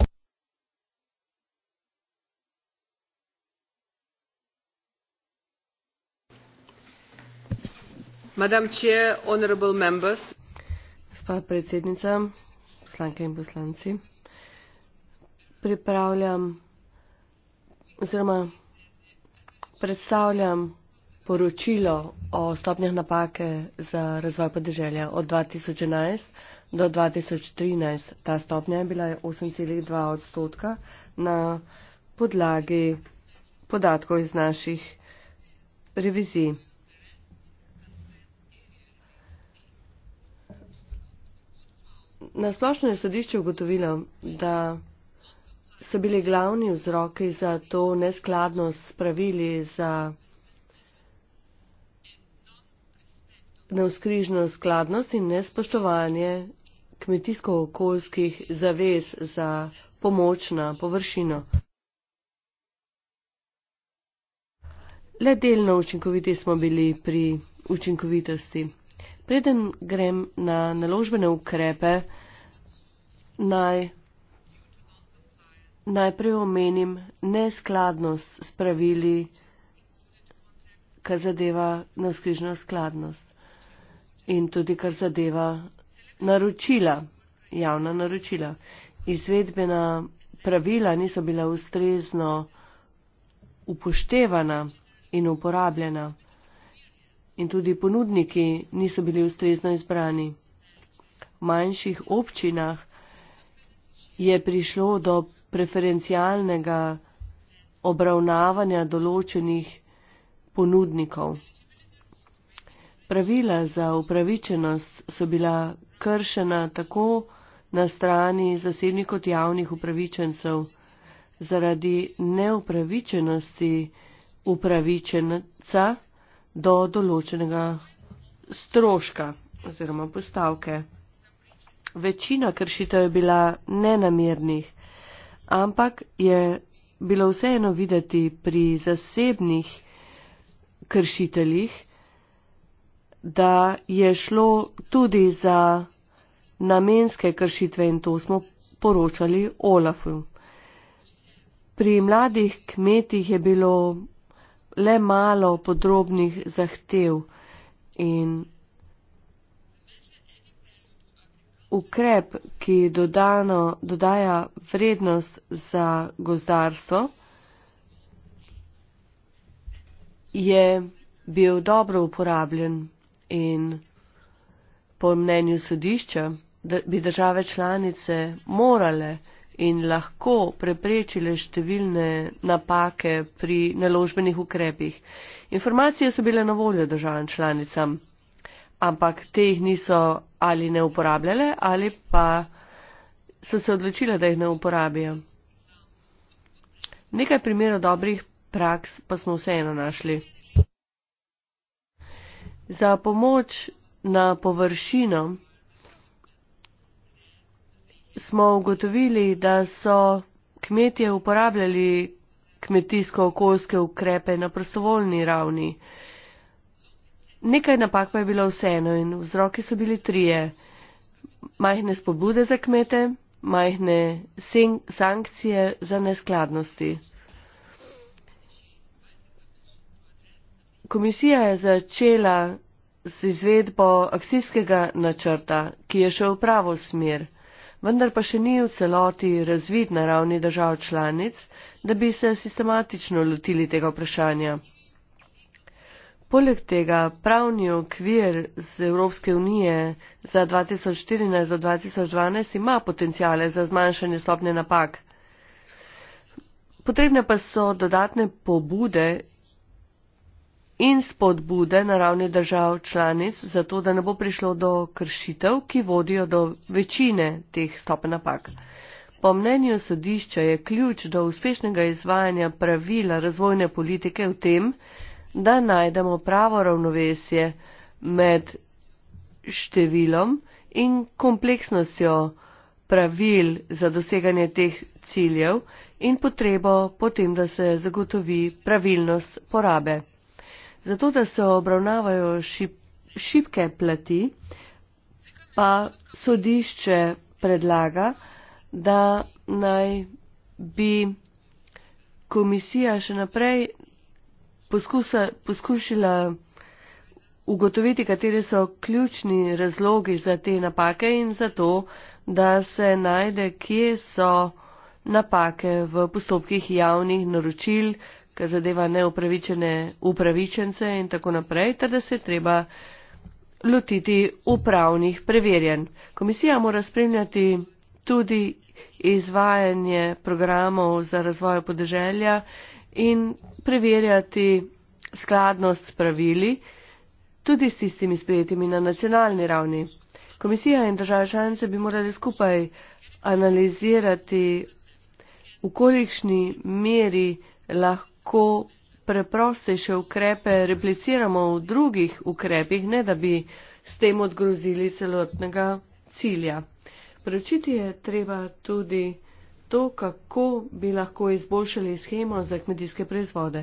Madam Chair, Honorable Members, Gospa predsednica, poslanke in poslanci, pripravljam oziroma predstavljam poročilo o stopnjah napake za razvoj podeželja od 2011 do 2013. Ta stopnja je bila 8,2 odstotka na podlagi podatkov iz naših revizij. na splošno je sodišče ugotovilo, da so bili glavni vzroki za to neskladnost s pravili za neuskrižno skladnost in nespoštovanje kmetijsko-okoljskih zavez za pomoč na površino. Le delno učinkoviti smo bili pri učinkovitosti. Preden grem na naložbene ukrepe, naj najprej omenim neskladnost s pravili, kar zadeva naskrižna skladnost in tudi kar zadeva naročila, javna naročila. Izvedbena pravila niso bila ustrezno upoštevana in uporabljena in tudi ponudniki niso bili ustrezno izbrani. V manjših občinah je prišlo do preferencialnega obravnavanja določenih ponudnikov. Pravila za upravičenost so bila kršena tako na strani zasebnih kot javnih upravičencev zaradi neupravičenosti upravičenca do določenega stroška oziroma postavke. Večina kršitev je bila nenamernih, ampak je bilo vseeno videti pri zasebnih kršiteljih, da je šlo tudi za namenske kršitve in to smo poročali Olafu. Pri mladih kmetih je bilo le malo podrobnih zahtev in ukrep, ki dodano, dodaja vrednost za gozdarstvo, je bil dobro uporabljen in po mnenju sodišča bi države članice morale in lahko preprečile številne napake pri naložbenih ukrepih. Informacije so bile na voljo državam članicam, ampak te jih niso ali ne uporabljale ali pa so se odločile, da jih ne uporabijo. Nekaj primerov dobrih praks pa smo vseeno našli. Za pomoč na površino smo ugotovili, da so kmetje uporabljali kmetijsko-okoljske ukrepe na prostovoljni ravni. Nekaj napak pa je bilo vseeno in vzroki so bili trije. Majhne spobude za kmete, majhne sankcije za neskladnosti. Komisija je začela z izvedbo akcijskega načrta, ki je šel v pravo smer, vendar pa še ni v celoti razvid na ravni držav članic, da bi se sistematično lotili tega vprašanja. Poleg tega pravni okvir z Evropske unije za 2014 do 2012 ima potencijale za zmanjšanje stopnje napak. Potrebne pa so dodatne pobude in spodbude na ravni držav članic, zato da ne bo prišlo do kršitev, ki vodijo do večine teh stopen napak. Po mnenju sodišča je ključ do uspešnega izvajanja pravila razvojne politike v tem, da najdemo pravo ravnovesje med številom in kompleksnostjo pravil za doseganje teh ciljev in potrebo potem, da se zagotovi pravilnost porabe. Zato, da se obravnavajo šip, šipke plati, pa sodišče predlaga, da naj bi komisija še naprej poskusa, poskušala ugotoviti, kateri so ključni razlogi za te napake in za to, da se najde, kje so napake v postopkih javnih naročil, kar zadeva neupravičene upravičence in tako naprej, ter da se treba lotiti upravnih preverjanj. Komisija mora spremljati tudi izvajanje programov za razvoj podeželja, in preverjati skladnost s pravili, tudi s tistimi sprejetimi na nacionalni ravni. Komisija in države članice bi morali skupaj analizirati, v kolikšni meri lahko preprostejše ukrepe repliciramo v drugih ukrepih, ne da bi s tem odgrozili celotnega cilja. Pročiti je treba tudi to, kako bi lahko izboljšali schemo za kmetijske proizvode.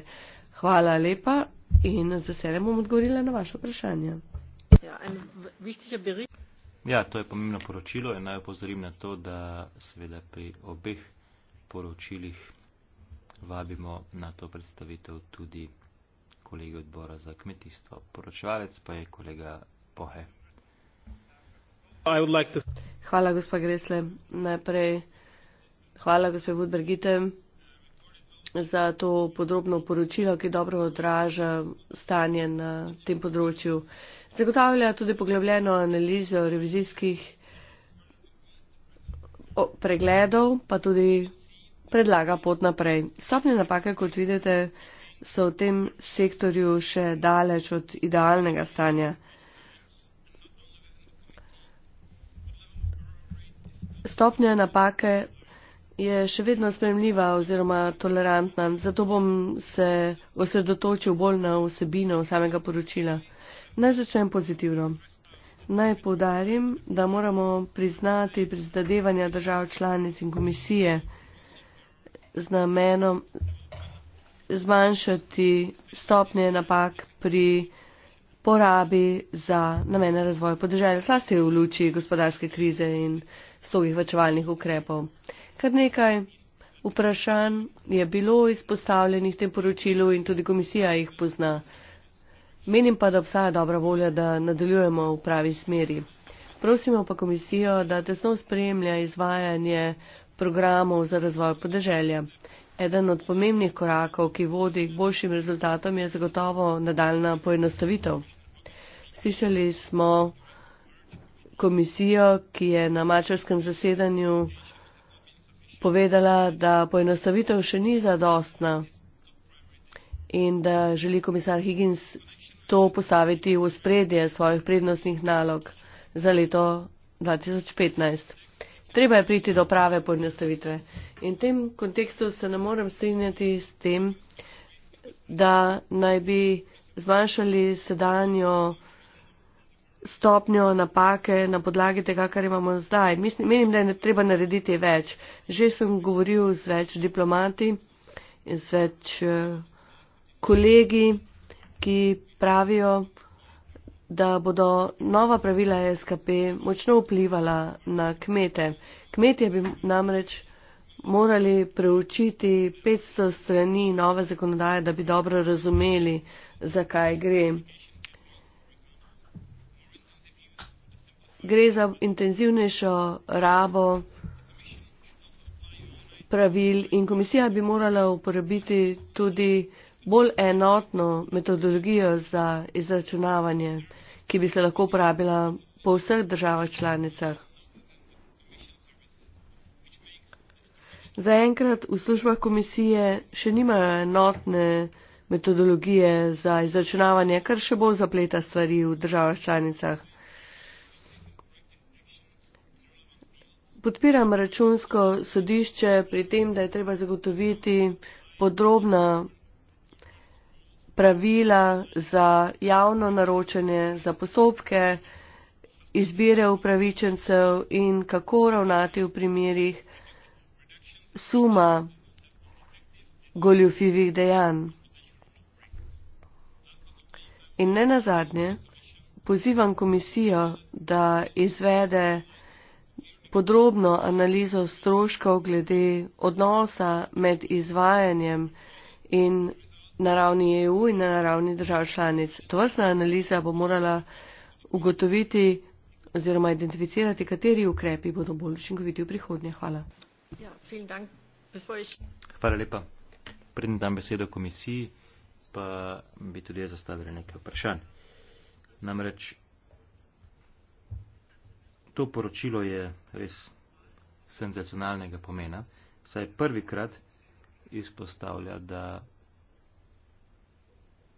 Hvala lepa in z veseljem bom odgovorila na vaše vprašanje. Ja, ja, to je pomembno poročilo in naj opozorim na to, da seveda pri obeh poročilih vabimo na to predstavitev tudi kolegi odbora za kmetijstvo. Poročevalec pa je kolega Pohe. Hvala, gospa Gresle. Najprej Hvala, gospod Budbergite, za to podrobno poročilo, ki dobro odraža stanje na tem področju. Zagotavlja tudi poglavljeno analizo revizijskih pregledov, pa tudi predlaga pot naprej. Stopne napake, kot vidite, so v tem sektorju še daleč od idealnega stanja. Stopnja napake je še vedno spremljiva oziroma tolerantna, zato bom se osredotočil bolj na vsebino samega poročila. Naj začnem pozitivno. Naj povdarim, da moramo priznati prizadevanja držav članic in komisije z namenom zmanjšati stopnje napak pri porabi za namene razvoja podeželja, slasti v luči gospodarske krize in stogih vrčevalnih ukrepov. Kar nekaj vprašanj je bilo izpostavljenih v tem poročilu in tudi komisija jih pozna. Menim pa, da obstaja dobra volja, da nadaljujemo v pravi smeri. Prosimo pa komisijo, da tesno spremlja izvajanje programov za razvoj podeželja. Eden od pomembnih korakov, ki vodi k boljšim rezultatom, je zagotovo nadaljna poenostavitev. Slišali smo komisijo, ki je na mačarskem zasedanju povedala, da poenostavitev še ni zadostna in da želi komisar Higgins to postaviti v spredje svojih prednostnih nalog za leto 2015. Treba je priti do prave poenostavitve. In v tem kontekstu se ne morem strinjati s tem, da naj bi zmanjšali sedanjo stopnjo napake na podlagi tega, kar imamo zdaj. Mislim, menim, da je ne treba narediti več. Že sem govoril z več diplomati in z več eh, kolegi, ki pravijo, da bodo nova pravila SKP močno vplivala na kmete. Kmetje bi namreč morali preučiti 500 strani nove zakonodaje, da bi dobro razumeli, zakaj gre. gre za intenzivnejšo rabo pravil in komisija bi morala uporabiti tudi bolj enotno metodologijo za izračunavanje, ki bi se lahko uporabila po vseh državah članicah. Zaenkrat v službah komisije še nimajo enotne metodologije za izračunavanje, kar še bolj zapleta stvari v državah članicah. Podpiram računsko sodišče pri tem, da je treba zagotoviti podrobna pravila za javno naročanje, za postopke izbire upravičencev in kako ravnati v primerih suma goljufivih dejanj. In ne nazadnje, pozivam komisijo, da izvede podrobno analizo stroškov glede odnosa med izvajanjem in na ravni EU in na ravni držav članic. To vrstna analiza bo morala ugotoviti oziroma identificirati, kateri ukrepi bodo bolj učinkoviti v prihodnje. Hvala. Ja, Hvala lepa. Predn dam besedo komisiji, pa bi tudi jaz zastavili nekaj vprašanj. Namreč To poročilo je res senzacionalnega pomena, saj prvikrat izpostavlja, da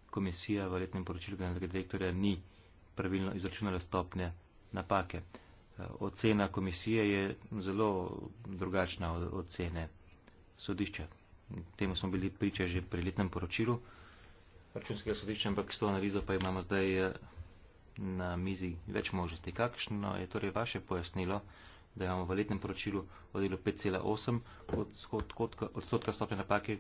komisija v letnem poročilu generalnega direktorja ni pravilno izračunala stopnje napake. Ocena komisije je zelo drugačna od ocene sodišča. Temu smo bili priča že pri letnem poročilu računskega sodišča, ampak s to analizo pa imamo zdaj eh, na mizi več možnosti. Kakšno je torej vaše pojasnilo, da imamo v letnem poročilu v delu 5,8 odstotka stopnje napake,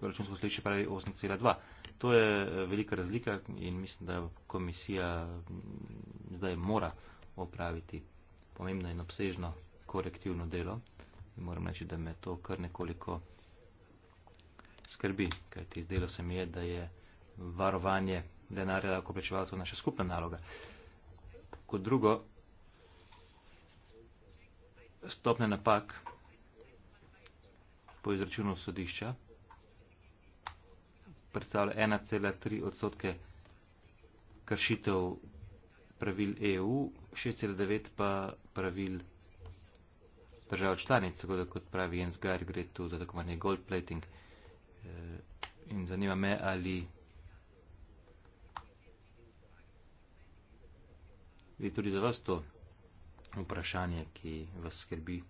računsko sledeče pravi 8,2. To je eh, velika razlika in mislim, da komisija mm, zdaj mora opraviti pomembno in obsežno korektivno delo. In moram reči, da me to kar nekoliko skrbi, kajti izdelo se mi je, da je varovanje denarja, da koplečeval to naša skupna naloga. Kot drugo, stopne napak po izračunu sodišča predstavlja 1,3 odstotke kršitev pravil EU, 6,9 pa pravil držav članic, tako da kot pravi Jens Gar, gre tu za takovanje gold plating. Eh, in zanima me, ali je tudi za vas to vprašanje, ki vas skrbi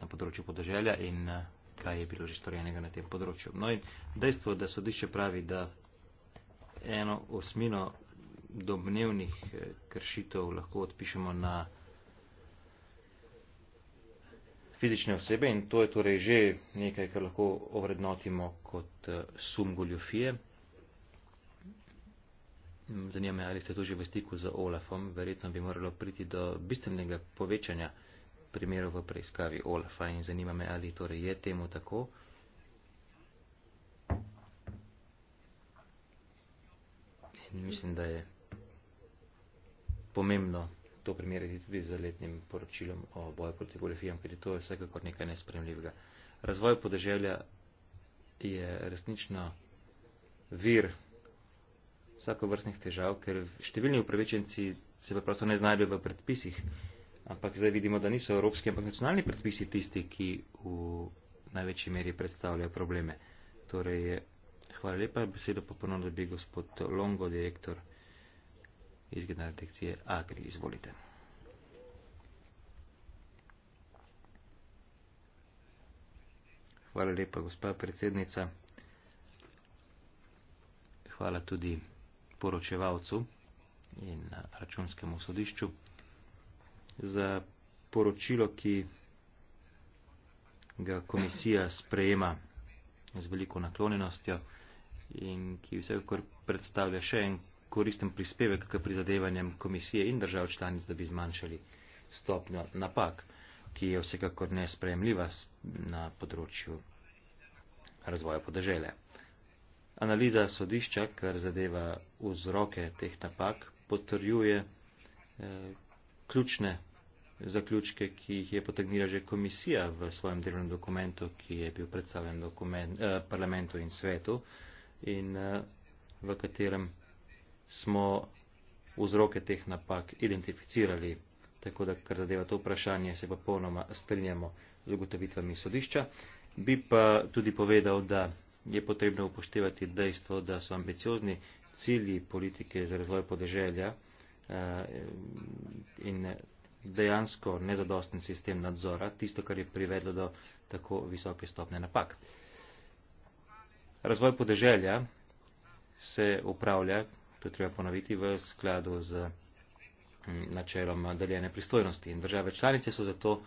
na področju podeželja in eh, kaj je bilo že storjenega na tem področju. No in dejstvo, da sodišče pravi, da eno osmino domnevnih eh, kršitev lahko odpišemo na fizične osebe in to je torej že nekaj, kar lahko ovrednotimo kot eh, sum goljofije. Zanima me, ali ste tu že v stiku z OLAF-om. Verjetno bi moralo priti do bistvenega povečanja primerov v preiskavi OLAF-a in zanima me, ali torej je temu tako. In mislim, da je pomembno to primerjati tudi z letnim poročilom o boju proti goljofijam, ker to je vsekakor nekaj nespremljivega. Razvoj podeželja je resnično vir vsako vrstnih težav, ker številni upravičenci se preprosto ne znajdejo v predpisih. Ampak zdaj vidimo, da niso evropski, ampak nacionalni predpisi tisti, ki v največji meri predstavljajo probleme. Torej, hvala lepa, besedo pa ponovno dobi gospod Longo, direktor iz generalne tekcije Agri. Izvolite. Hvala lepa, gospa predsednica. Hvala tudi poročevalcu in eh, računskemu sodišču za poročilo, ki ga komisija sprejema z veliko naklonjenostjo in ki vsekakor predstavlja še en koristen prispevek k prizadevanjem komisije in držav članic, da bi zmanjšali stopnjo napak, ki je vsekakor nesprejemljiva na področju razvoja podeželja. Analiza sodišča, kar zadeva vzroke teh napak, potrjuje eh, ključne zaključke, ki jih je potegnila že komisija v svojem delovnem dokumentu, ki je bil predstavljen eh, parlamentu in svetu in eh, v katerem smo vzroke teh napak identificirali. Tako da, kar zadeva to vprašanje, se popolnoma strinjamo z ugotovitvami sodišča. Bi pa tudi povedal, da je potrebno upoštevati dejstvo, da so ambiciozni cilji politike za razvoj podeželja eh, in dejansko nezadostni sistem nadzora, tisto, kar je privedlo do tako visoke stopne napak. Razvoj podeželja se upravlja, to treba ponoviti, v skladu z mm, načelom deljene pristojnosti in države članice so zato uh,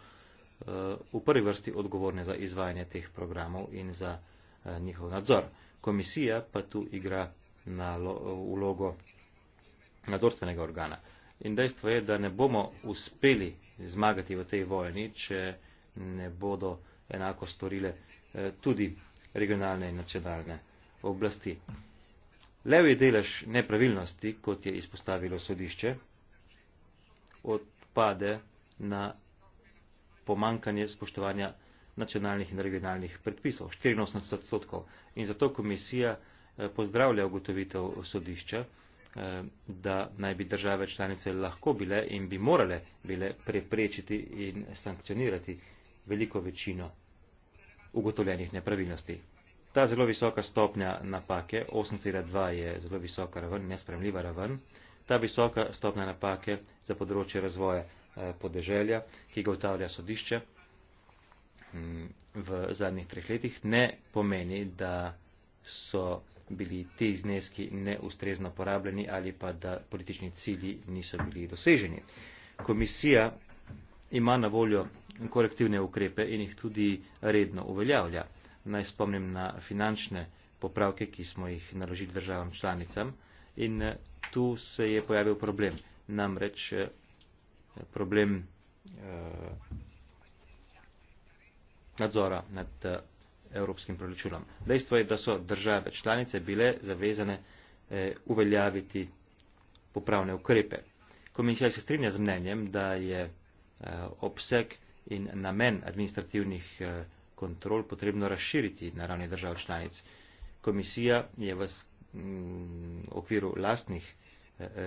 v prvi vrsti odgovorne za izvajanje teh programov in za uh, Eh, njihov nadzor. Komisija pa tu igra na ulogo eh, nadzorstvenega organa. In dejstvo je, da ne bomo uspeli zmagati v tej vojni, če ne bodo enako storile eh, tudi regionalne in nacionalne oblasti. Levi delež nepravilnosti, kot je izpostavilo sodišče, odpade na pomankanje spoštovanja nacionalnih in regionalnih predpisov, 84 odstotkov. In zato komisija eh, pozdravlja ugotovitev sodišča, eh, da naj bi države članice lahko bile in bi morale bile preprečiti in sankcionirati veliko večino ugotovljenih nepravilnosti. Ta zelo visoka stopnja napake, 8,2 je zelo visoka raven, nespremljiva raven, ta visoka stopnja napake za področje razvoja eh, podeželja, ki ga otavlja sodišče, v zadnjih treh letih, ne pomeni, da so bili ti zneski neustrezno porabljeni ali pa da politični cilji niso bili doseženi. Komisija ima na voljo korektivne ukrepe in jih tudi redno uveljavlja. Naj spomnim na finančne popravke, ki smo jih naložili državam članicam in eh, tu se je pojavil problem. Namreč eh, problem eh, nadzora nad eh, evropskim proračunom. Dejstvo je, da so države članice bile zavezane eh, uveljaviti popravne ukrepe. Komisija se strinja z mnenjem, da je eh, obseg in namen administrativnih kontrol potrebno razširiti na ravni držav članic. Komisija je v mm, okviru lastnih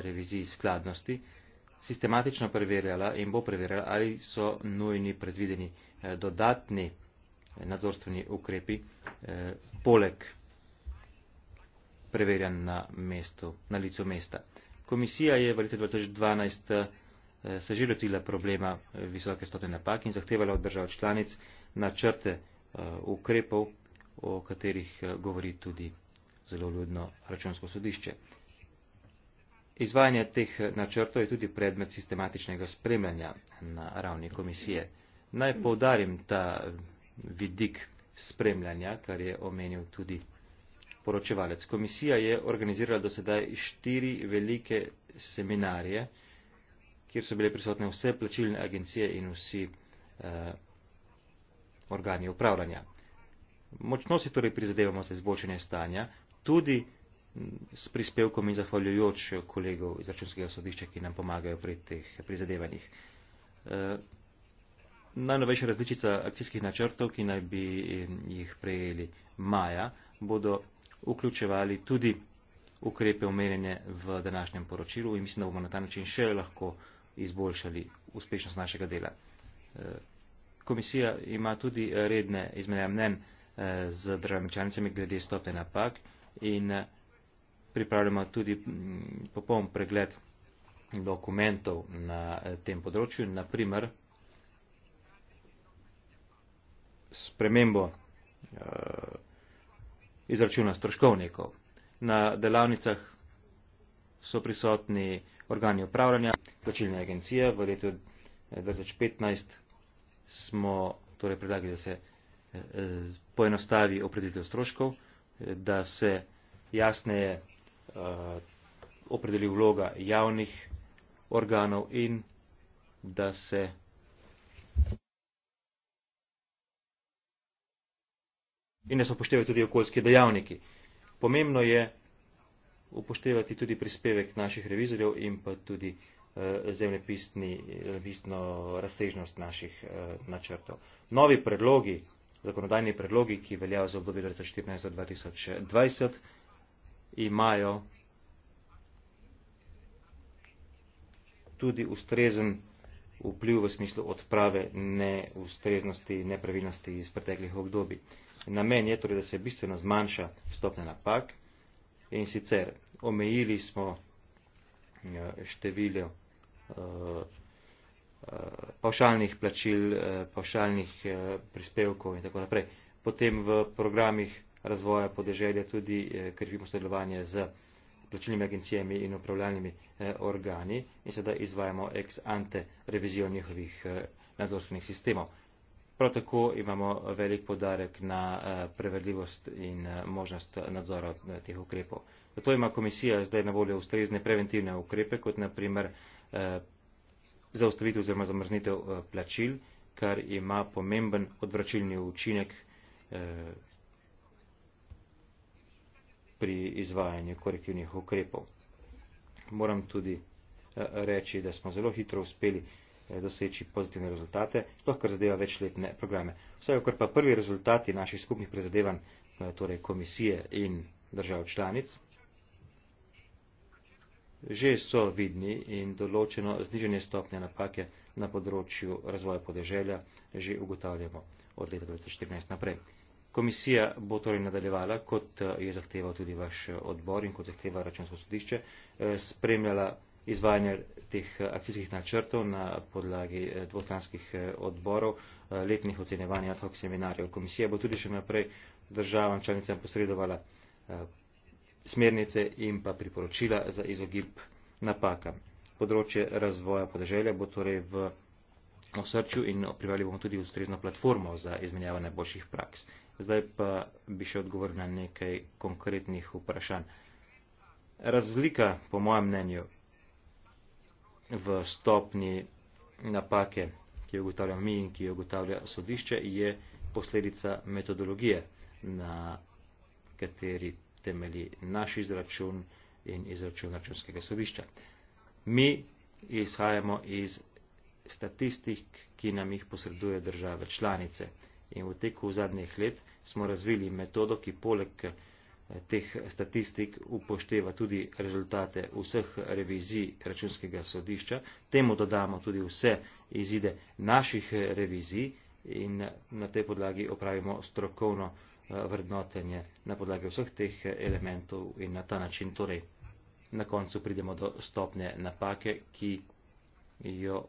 revizij skladnosti sistematično preverjala in bo preverjala, ali so nujni predvideni eh, dodatni eh, nadzorstveni ukrepi eh, poleg preverjan na, mestu, na licu mesta. Komisija je v letu 2012 se že lotila problema visoke stopne napak in zahtevala od držav članic načrte ukrepov, o katerih govori tudi zelo ljudno računsko sodišče. Izvajanje teh načrtov je tudi predmet sistematičnega spremljanja na ravni komisije. Naj povdarim ta vidik spremljanja, kar je omenil tudi poročevalec. Komisija je organizirala do sedaj štiri velike seminarije, kjer so bile prisotne vse plačilne agencije in vsi eh, organi upravljanja. Močno si torej prizadevamo za izboljšanje stanja, tudi s prispevkom in zahvaljujoč kolegov iz računskega sodišča, ki nam pomagajo pri teh prizadevanjih. E, najnovejša različica akcijskih načrtov, ki naj bi jih prejeli maja, bodo vključevali tudi ukrepe omenjene v današnjem poročilu in mislim, da bomo na ta način še lahko izboljšali uspešnost našega dela. E, komisija ima tudi redne izmenja mnen e, z državami članicami glede stope napak in pripravljamo tudi mm, popoln pregled dokumentov na eh, tem področju, naprimer spremembo uh, izračuna stroškovnikov. Na delavnicah so prisotni organi upravljanja, plačilne agencije. V letu 2015 eh, smo torej predlagali, da se eh, poenostavi opreditev stroškov, eh, da se jasneje Eh, opredeli vloga javnih organov in da se in da se upoštevajo tudi okoljski dejavniki. Pomembno je upoštevati tudi prispevek naših revizorjev in pa tudi eh, zemljepisno razsežnost naših eh, načrtov. Novi predlogi, zakonodajni predlogi, ki veljajo za obdobje 2014-2020, imajo tudi ustrezen vpliv v smislu odprave neustreznosti, nepravilnosti iz preteklih obdobij. Namen je torej, da se bistveno zmanjša stopne napak in sicer omejili smo eh, število eh, eh, pavšalnih plačil, pavšalnih prispevkov in tako naprej. Potem v programih razvoja podeželja, tudi eh, krepimo sodelovanje z plačilnimi agencijami in upravljalnimi eh, organi in sedaj izvajamo ex ante revizijo njihovih eh, nadzorstvenih sistemov. Prav tako imamo velik podarek na preverljivost in možnost nadzora teh ukrepov. Zato ima komisija zdaj na voljo ustrezne preventivne ukrepe, kot naprimer zaustavitev oziroma zamrznitev plačil, kar ima pomemben odvračilni učinek pri izvajanju korektivnih ukrepov. Moram tudi eh, reči, da smo zelo hitro uspeli eh, doseči pozitivne rezultate, lahko zadeva večletne programe. Vse, kar pa prvi rezultati naših skupnih prizadevanj, eh, torej komisije in držav članic, že so vidni in določeno znižanje stopnje napake na področju razvoja podeželja že ugotavljamo od leta 2014 naprej. Komisija bo torej nadaljevala, kot eh, je zahteval tudi vaš eh, odbor in kot zahteva računsko sodišče, eh, spremljala izvajanje teh akcijskih načrtov na podlagi dvostranskih odborov, letnih ocenjevanj ad hoc seminarjev. Komisija bo tudi še naprej državam članicam posredovala smernice in pa priporočila za izogib napakam. Področje razvoja podeželja bo torej v osrčju in pripravili bomo tudi ustrezno platformo za izmenjavanje boljših praks. Zdaj pa bi še odgovoril na nekaj konkretnih vprašanj. Razlika, po mojem mnenju, v stopni napake, ki jo ugotavljamo mi in ki jo ugotavlja sodišče, je posledica metodologije, na kateri temeli naš izračun in izračun računskega sodišča. Mi izhajamo iz statistik, ki nam jih posreduje države članice. In v teku zadnjih let smo razvili metodo, ki poleg eh, teh statistik upošteva tudi rezultate vseh revizij računskega sodišča. Temu dodamo tudi vse izide naših revizij in na tej podlagi opravimo strokovno eh, vrednotenje na podlagi vseh teh elementov in na ta način torej na koncu pridemo do stopnje napake, ki jo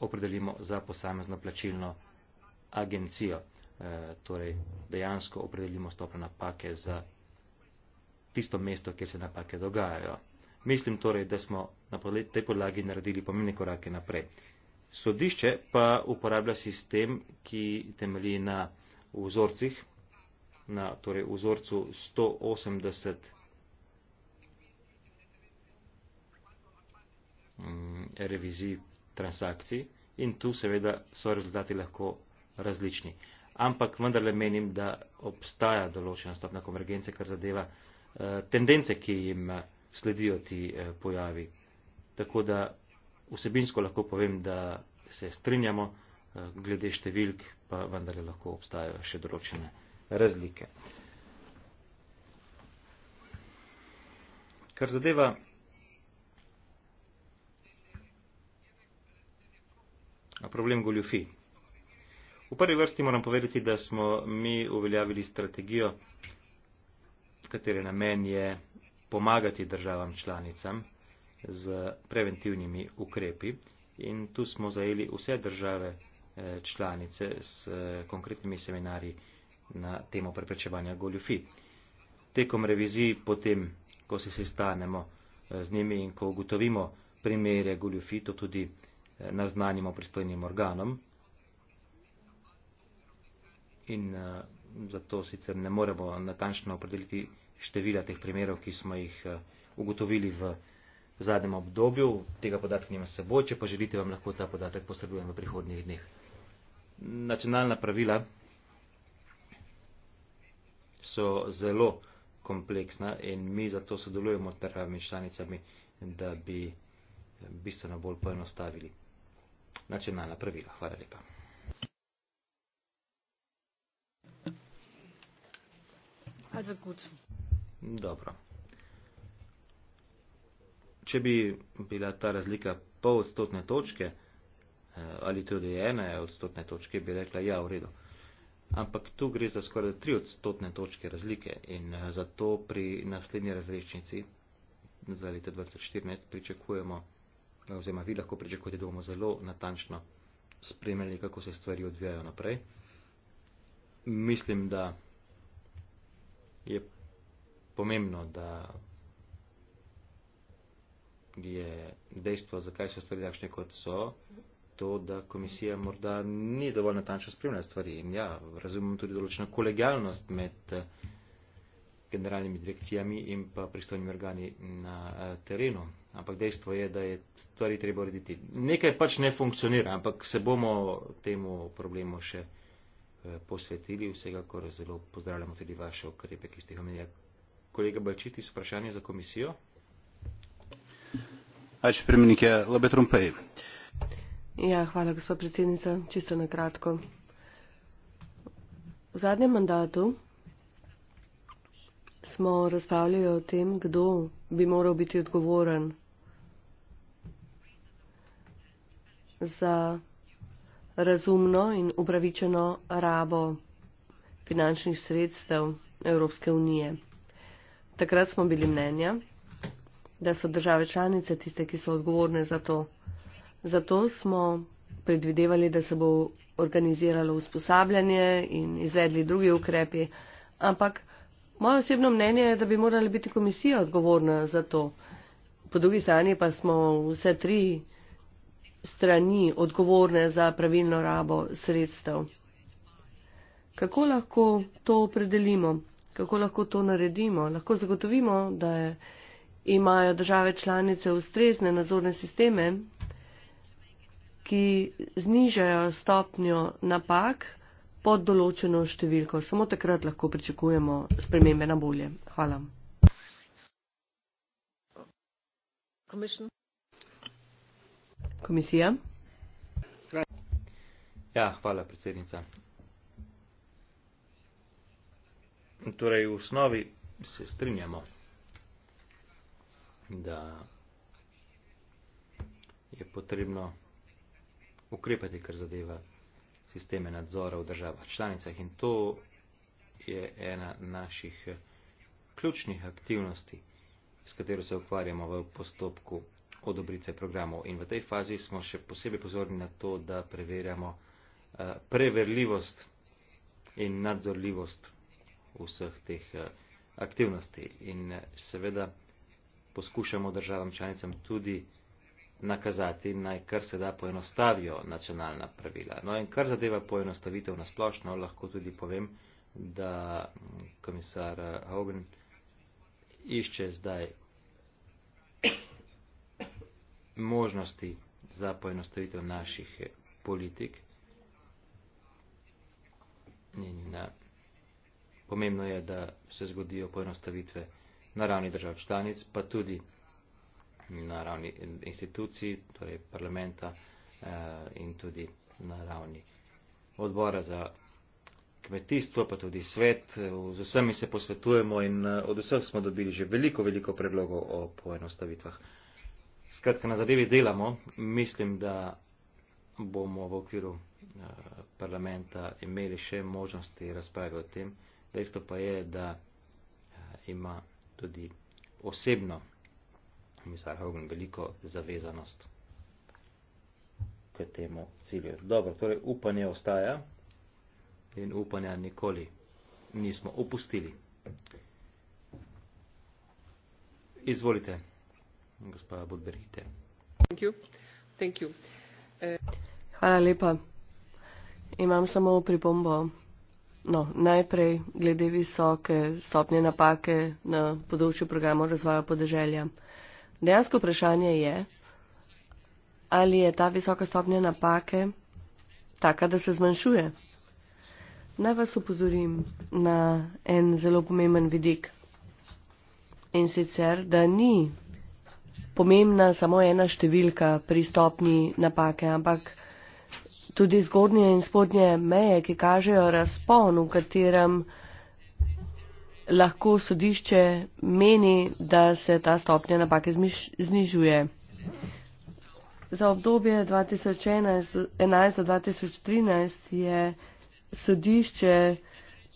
opredelimo za posamezno plačilno agencijo. E, torej dejansko opredelimo stopno napake za tisto mesto, kjer se napake dogajajo. Mislim torej, da smo na tej podlagi naredili pomembne korake naprej. Sodišče pa uporablja sistem, ki temelji na vzorcih, na torej vzorcu 180 mm, revizij transakcij in tu seveda so rezultati lahko različni. Ampak vendarle menim, da obstaja določena stopna konvergence, kar zadeva eh, tendence, ki jim eh, sledijo ti eh, pojavi. Tako da vsebinsko lahko povem, da se strinjamo, eh, glede številk pa vendarle lahko obstajajo še določene razlike. Kar zadeva problem goljufi. V prvi vrsti moram povedati, da smo mi uveljavili strategijo, katere namen je pomagati državam članicam z preventivnimi ukrepi in tu smo zajeli vse države eh, članice s eh, konkretnimi seminarji na temo preprečevanja goljufi. Tekom revizij, potem, ko se sestanemo eh, z njimi in ko ugotovimo primere goljufi, to tudi naznanimo pristojnim organom. In eh, zato sicer ne moremo natančno opredeliti števila teh primerov, ki smo jih eh, ugotovili v zadnjem obdobju. Tega podatka nima seboj, če pa želite, vam lahko ta podatek posredujem v prihodnjih dneh. Nacionalna pravila so zelo kompleksna in mi zato sodelujemo s državami članicami, da bi eh, bistveno bolj poenostavili nacionalna pravila. Hvala lepa. Also gut. Dobro. Če bi bila ta razlika pol odstotne točke, eh, ali tudi ena odstotne točke, bi rekla, ja, v redu. Ampak tu gre za skoraj tri odstotne točke razlike in eh, zato pri naslednji razrešnici za leto 2014 pričakujemo oziroma vi lahko pričakujete, da bomo zelo natančno spremljali, kako se stvari odvijajo naprej. Mislim, da je pomembno, da je dejstvo, zakaj so stvari takšne, kot so, to, da komisija morda ni dovolj natančno spremljala stvari. In ja, razumem tudi določeno kolegialnost med eh, generalnimi direkcijami in pa pristojnimi organi na eh, terenu ampak dejstvo je, da je stvari treba urediti. Nekaj pač ne funkcionira, ampak se bomo temu problemu še eh, posvetili. Vsekakor zelo pozdravljamo tudi vaše okrepe, ki ste jih omenili. Kolega Balčiti, vprašanje za komisijo. Ači premenike, lebe trumpeji. Ja, hvala, gospod predsednica. Čisto na kratko. V zadnjem mandatu smo razpravljali o tem, kdo bi moral biti odgovoren za razumno in upravičeno rabo finančnih sredstev Evropske unije. Takrat smo bili mnenja, da so države članice tiste, ki so odgovorne za to. Zato smo predvidevali, da se bo organiziralo usposabljanje in izvedli drugi ukrepi, ampak Moje osebno mnenje je, da bi morala biti komisija odgovorna za to. Po drugi strani pa smo vse tri strani odgovorne za pravilno rabo sredstev. Kako lahko to opredelimo? Kako lahko to naredimo? Lahko zagotovimo, da imajo države članice ustrezne nadzorne sisteme, ki znižajo stopnjo napak, pod določeno številko. Samo takrat lahko pričakujemo spremembe na bolje. Hvala. Komisija. Ja, hvala, predsednica. Torej, v osnovi se strinjamo, da je potrebno ukrepati, kar zadeva sisteme nadzora v državah članicah in to je ena naših ključnih aktivnosti, s katero se ukvarjamo v postopku odobritve programov. In v tej fazi smo še posebej pozorni na to, da preverjamo eh, preverljivost in nadzorljivost vseh teh eh, aktivnosti. In eh, seveda poskušamo državam članicam tudi nakazati naj kar se da poenostavijo nacionalna pravila. No in kar zadeva poenostavitev na splošno, lahko tudi povem, da komisar Hogan išče zdaj možnosti za poenostavitev naših politik. In na, uh, pomembno je, da se zgodijo poenostavitve na ravni držav članic, pa tudi na ravni institucij, torej parlamenta eh, in tudi na ravni odbora za kmetijstvo, pa tudi svet. Eh, z vsemi se posvetujemo in eh, od vseh smo dobili že veliko, veliko predlogov o poenostavitvah. Skratka, na zadevi delamo. Mislim, da bomo v okviru parlamenta imeli še možnosti razprave o tem. Dejstvo pa je, da ima tudi osebno misar Hogan, veliko zavezanost k temu cilju. Dobro, torej upanje ostaja in upanja nikoli nismo opustili. Izvolite, gospoda Budberhite. Thank you. Thank you. Uh... Hvala lepa. Imam samo pripombo. No, najprej glede visoke stopnje napake na področju programov razvoja podeželja. Uh, Dejansko vprašanje je, ali je ta visoka stopnja napake taka, da se zmanjšuje. Naj vas upozorim na en zelo pomemben vidik. In sicer, da ni pomembna samo ena številka pri stopni napake, ampak tudi zgodnje in spodnje meje, ki kažejo razpon, v katerem lahko sodišče meni, da se ta stopnja napake znižuje. Za obdobje 2011-2013 je sodišče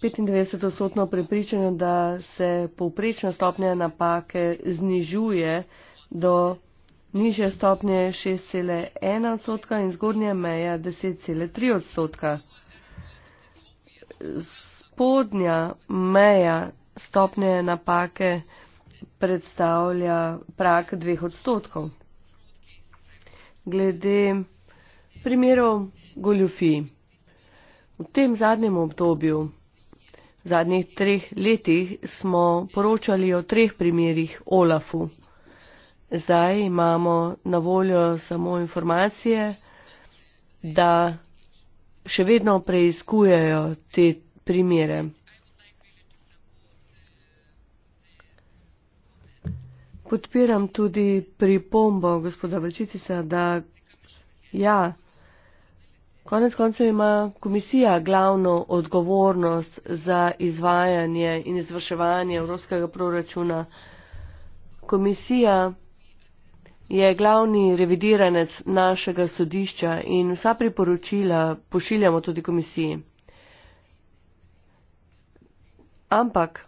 95-odstotno pripričano, da se povprečna stopnja napake znižuje do nižje stopnje 6,1 odstotka in zgornja meja 10,3 odstotka. Spodnja meja stopnje napake predstavlja prak dveh odstotkov. Glede primerov goljufij. V tem zadnjem obdobju, v zadnjih treh letih, smo poročali o treh primerih Olafu. Zdaj imamo na voljo samo informacije, da še vedno preizkujejo te primere. Podpiram tudi pripombo gospoda Vlčitisa, da ja, konec koncev ima komisija glavno odgovornost za izvajanje in izvrševanje evropskega proračuna. Komisija je glavni revidiranec našega sodišča in vsa priporočila pošiljamo tudi komisiji. Ampak,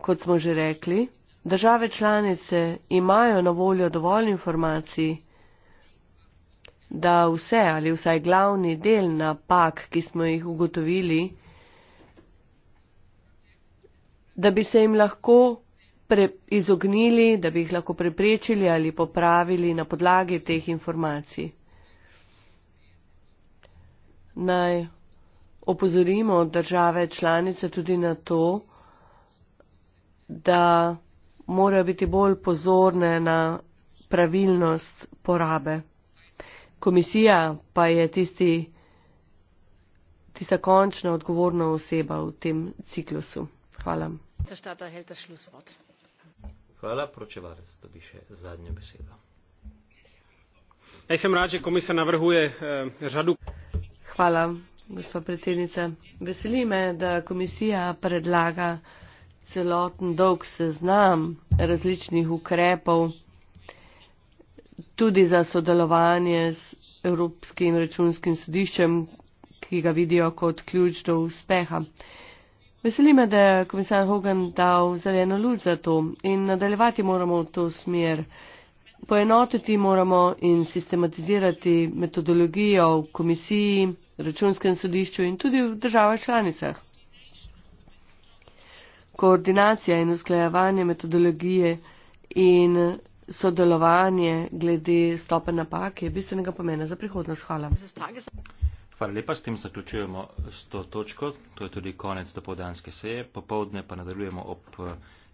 kot smo že rekli, države članice imajo na voljo dovolj informacij, da vse ali vsaj glavni del napak, ki smo jih ugotovili, da bi se jim lahko izognili, da bi jih lahko preprečili ali popravili na podlagi teh informacij. Naj opozorimo države članice tudi na to, da morajo biti bolj pozorne na pravilnost porabe. Komisija pa je tisti, tista končna odgovorna oseba v tem ciklusu. Hvala. Hvala, pročevarec, da bi še zadnjo besedo. Jaz sem rad, že komisija navrhuje eh, žadu. Hvala, gospod predsednica. Veseli me, da komisija predlaga celoten dolg seznam različnih ukrepov, tudi za sodelovanje s Evropskim računskim sodiščem, ki ga vidijo kot ključ do uspeha. Veseli me, da je komisar Hogan dal zeleno luč za to in nadaljevati moramo v to smer. Poenotiti moramo in sistematizirati metodologijo v komisiji, računskem sodišču in tudi v državah članicah koordinacija in usklajevanje metodologije in sodelovanje glede stopen napak je bistvenega pomena za prihodnost. Hvala. Hvala lepa, s tem zaključujemo s to točko. To je tudi konec dopoldanske seje. Popovdne pa nadaljujemo ob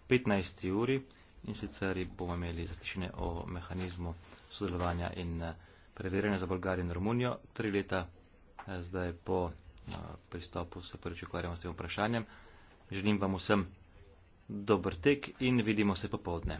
15. uri in sicer bomo imeli zaslišanje o mehanizmu sodelovanja in eh, preverjanja za Bolgarijo in Romunijo. Tri leta eh, zdaj po eh, pristopu se prvič ukvarjamo s tem vprašanjem. Želim vam vsem dober tek in vidimo se popovdne.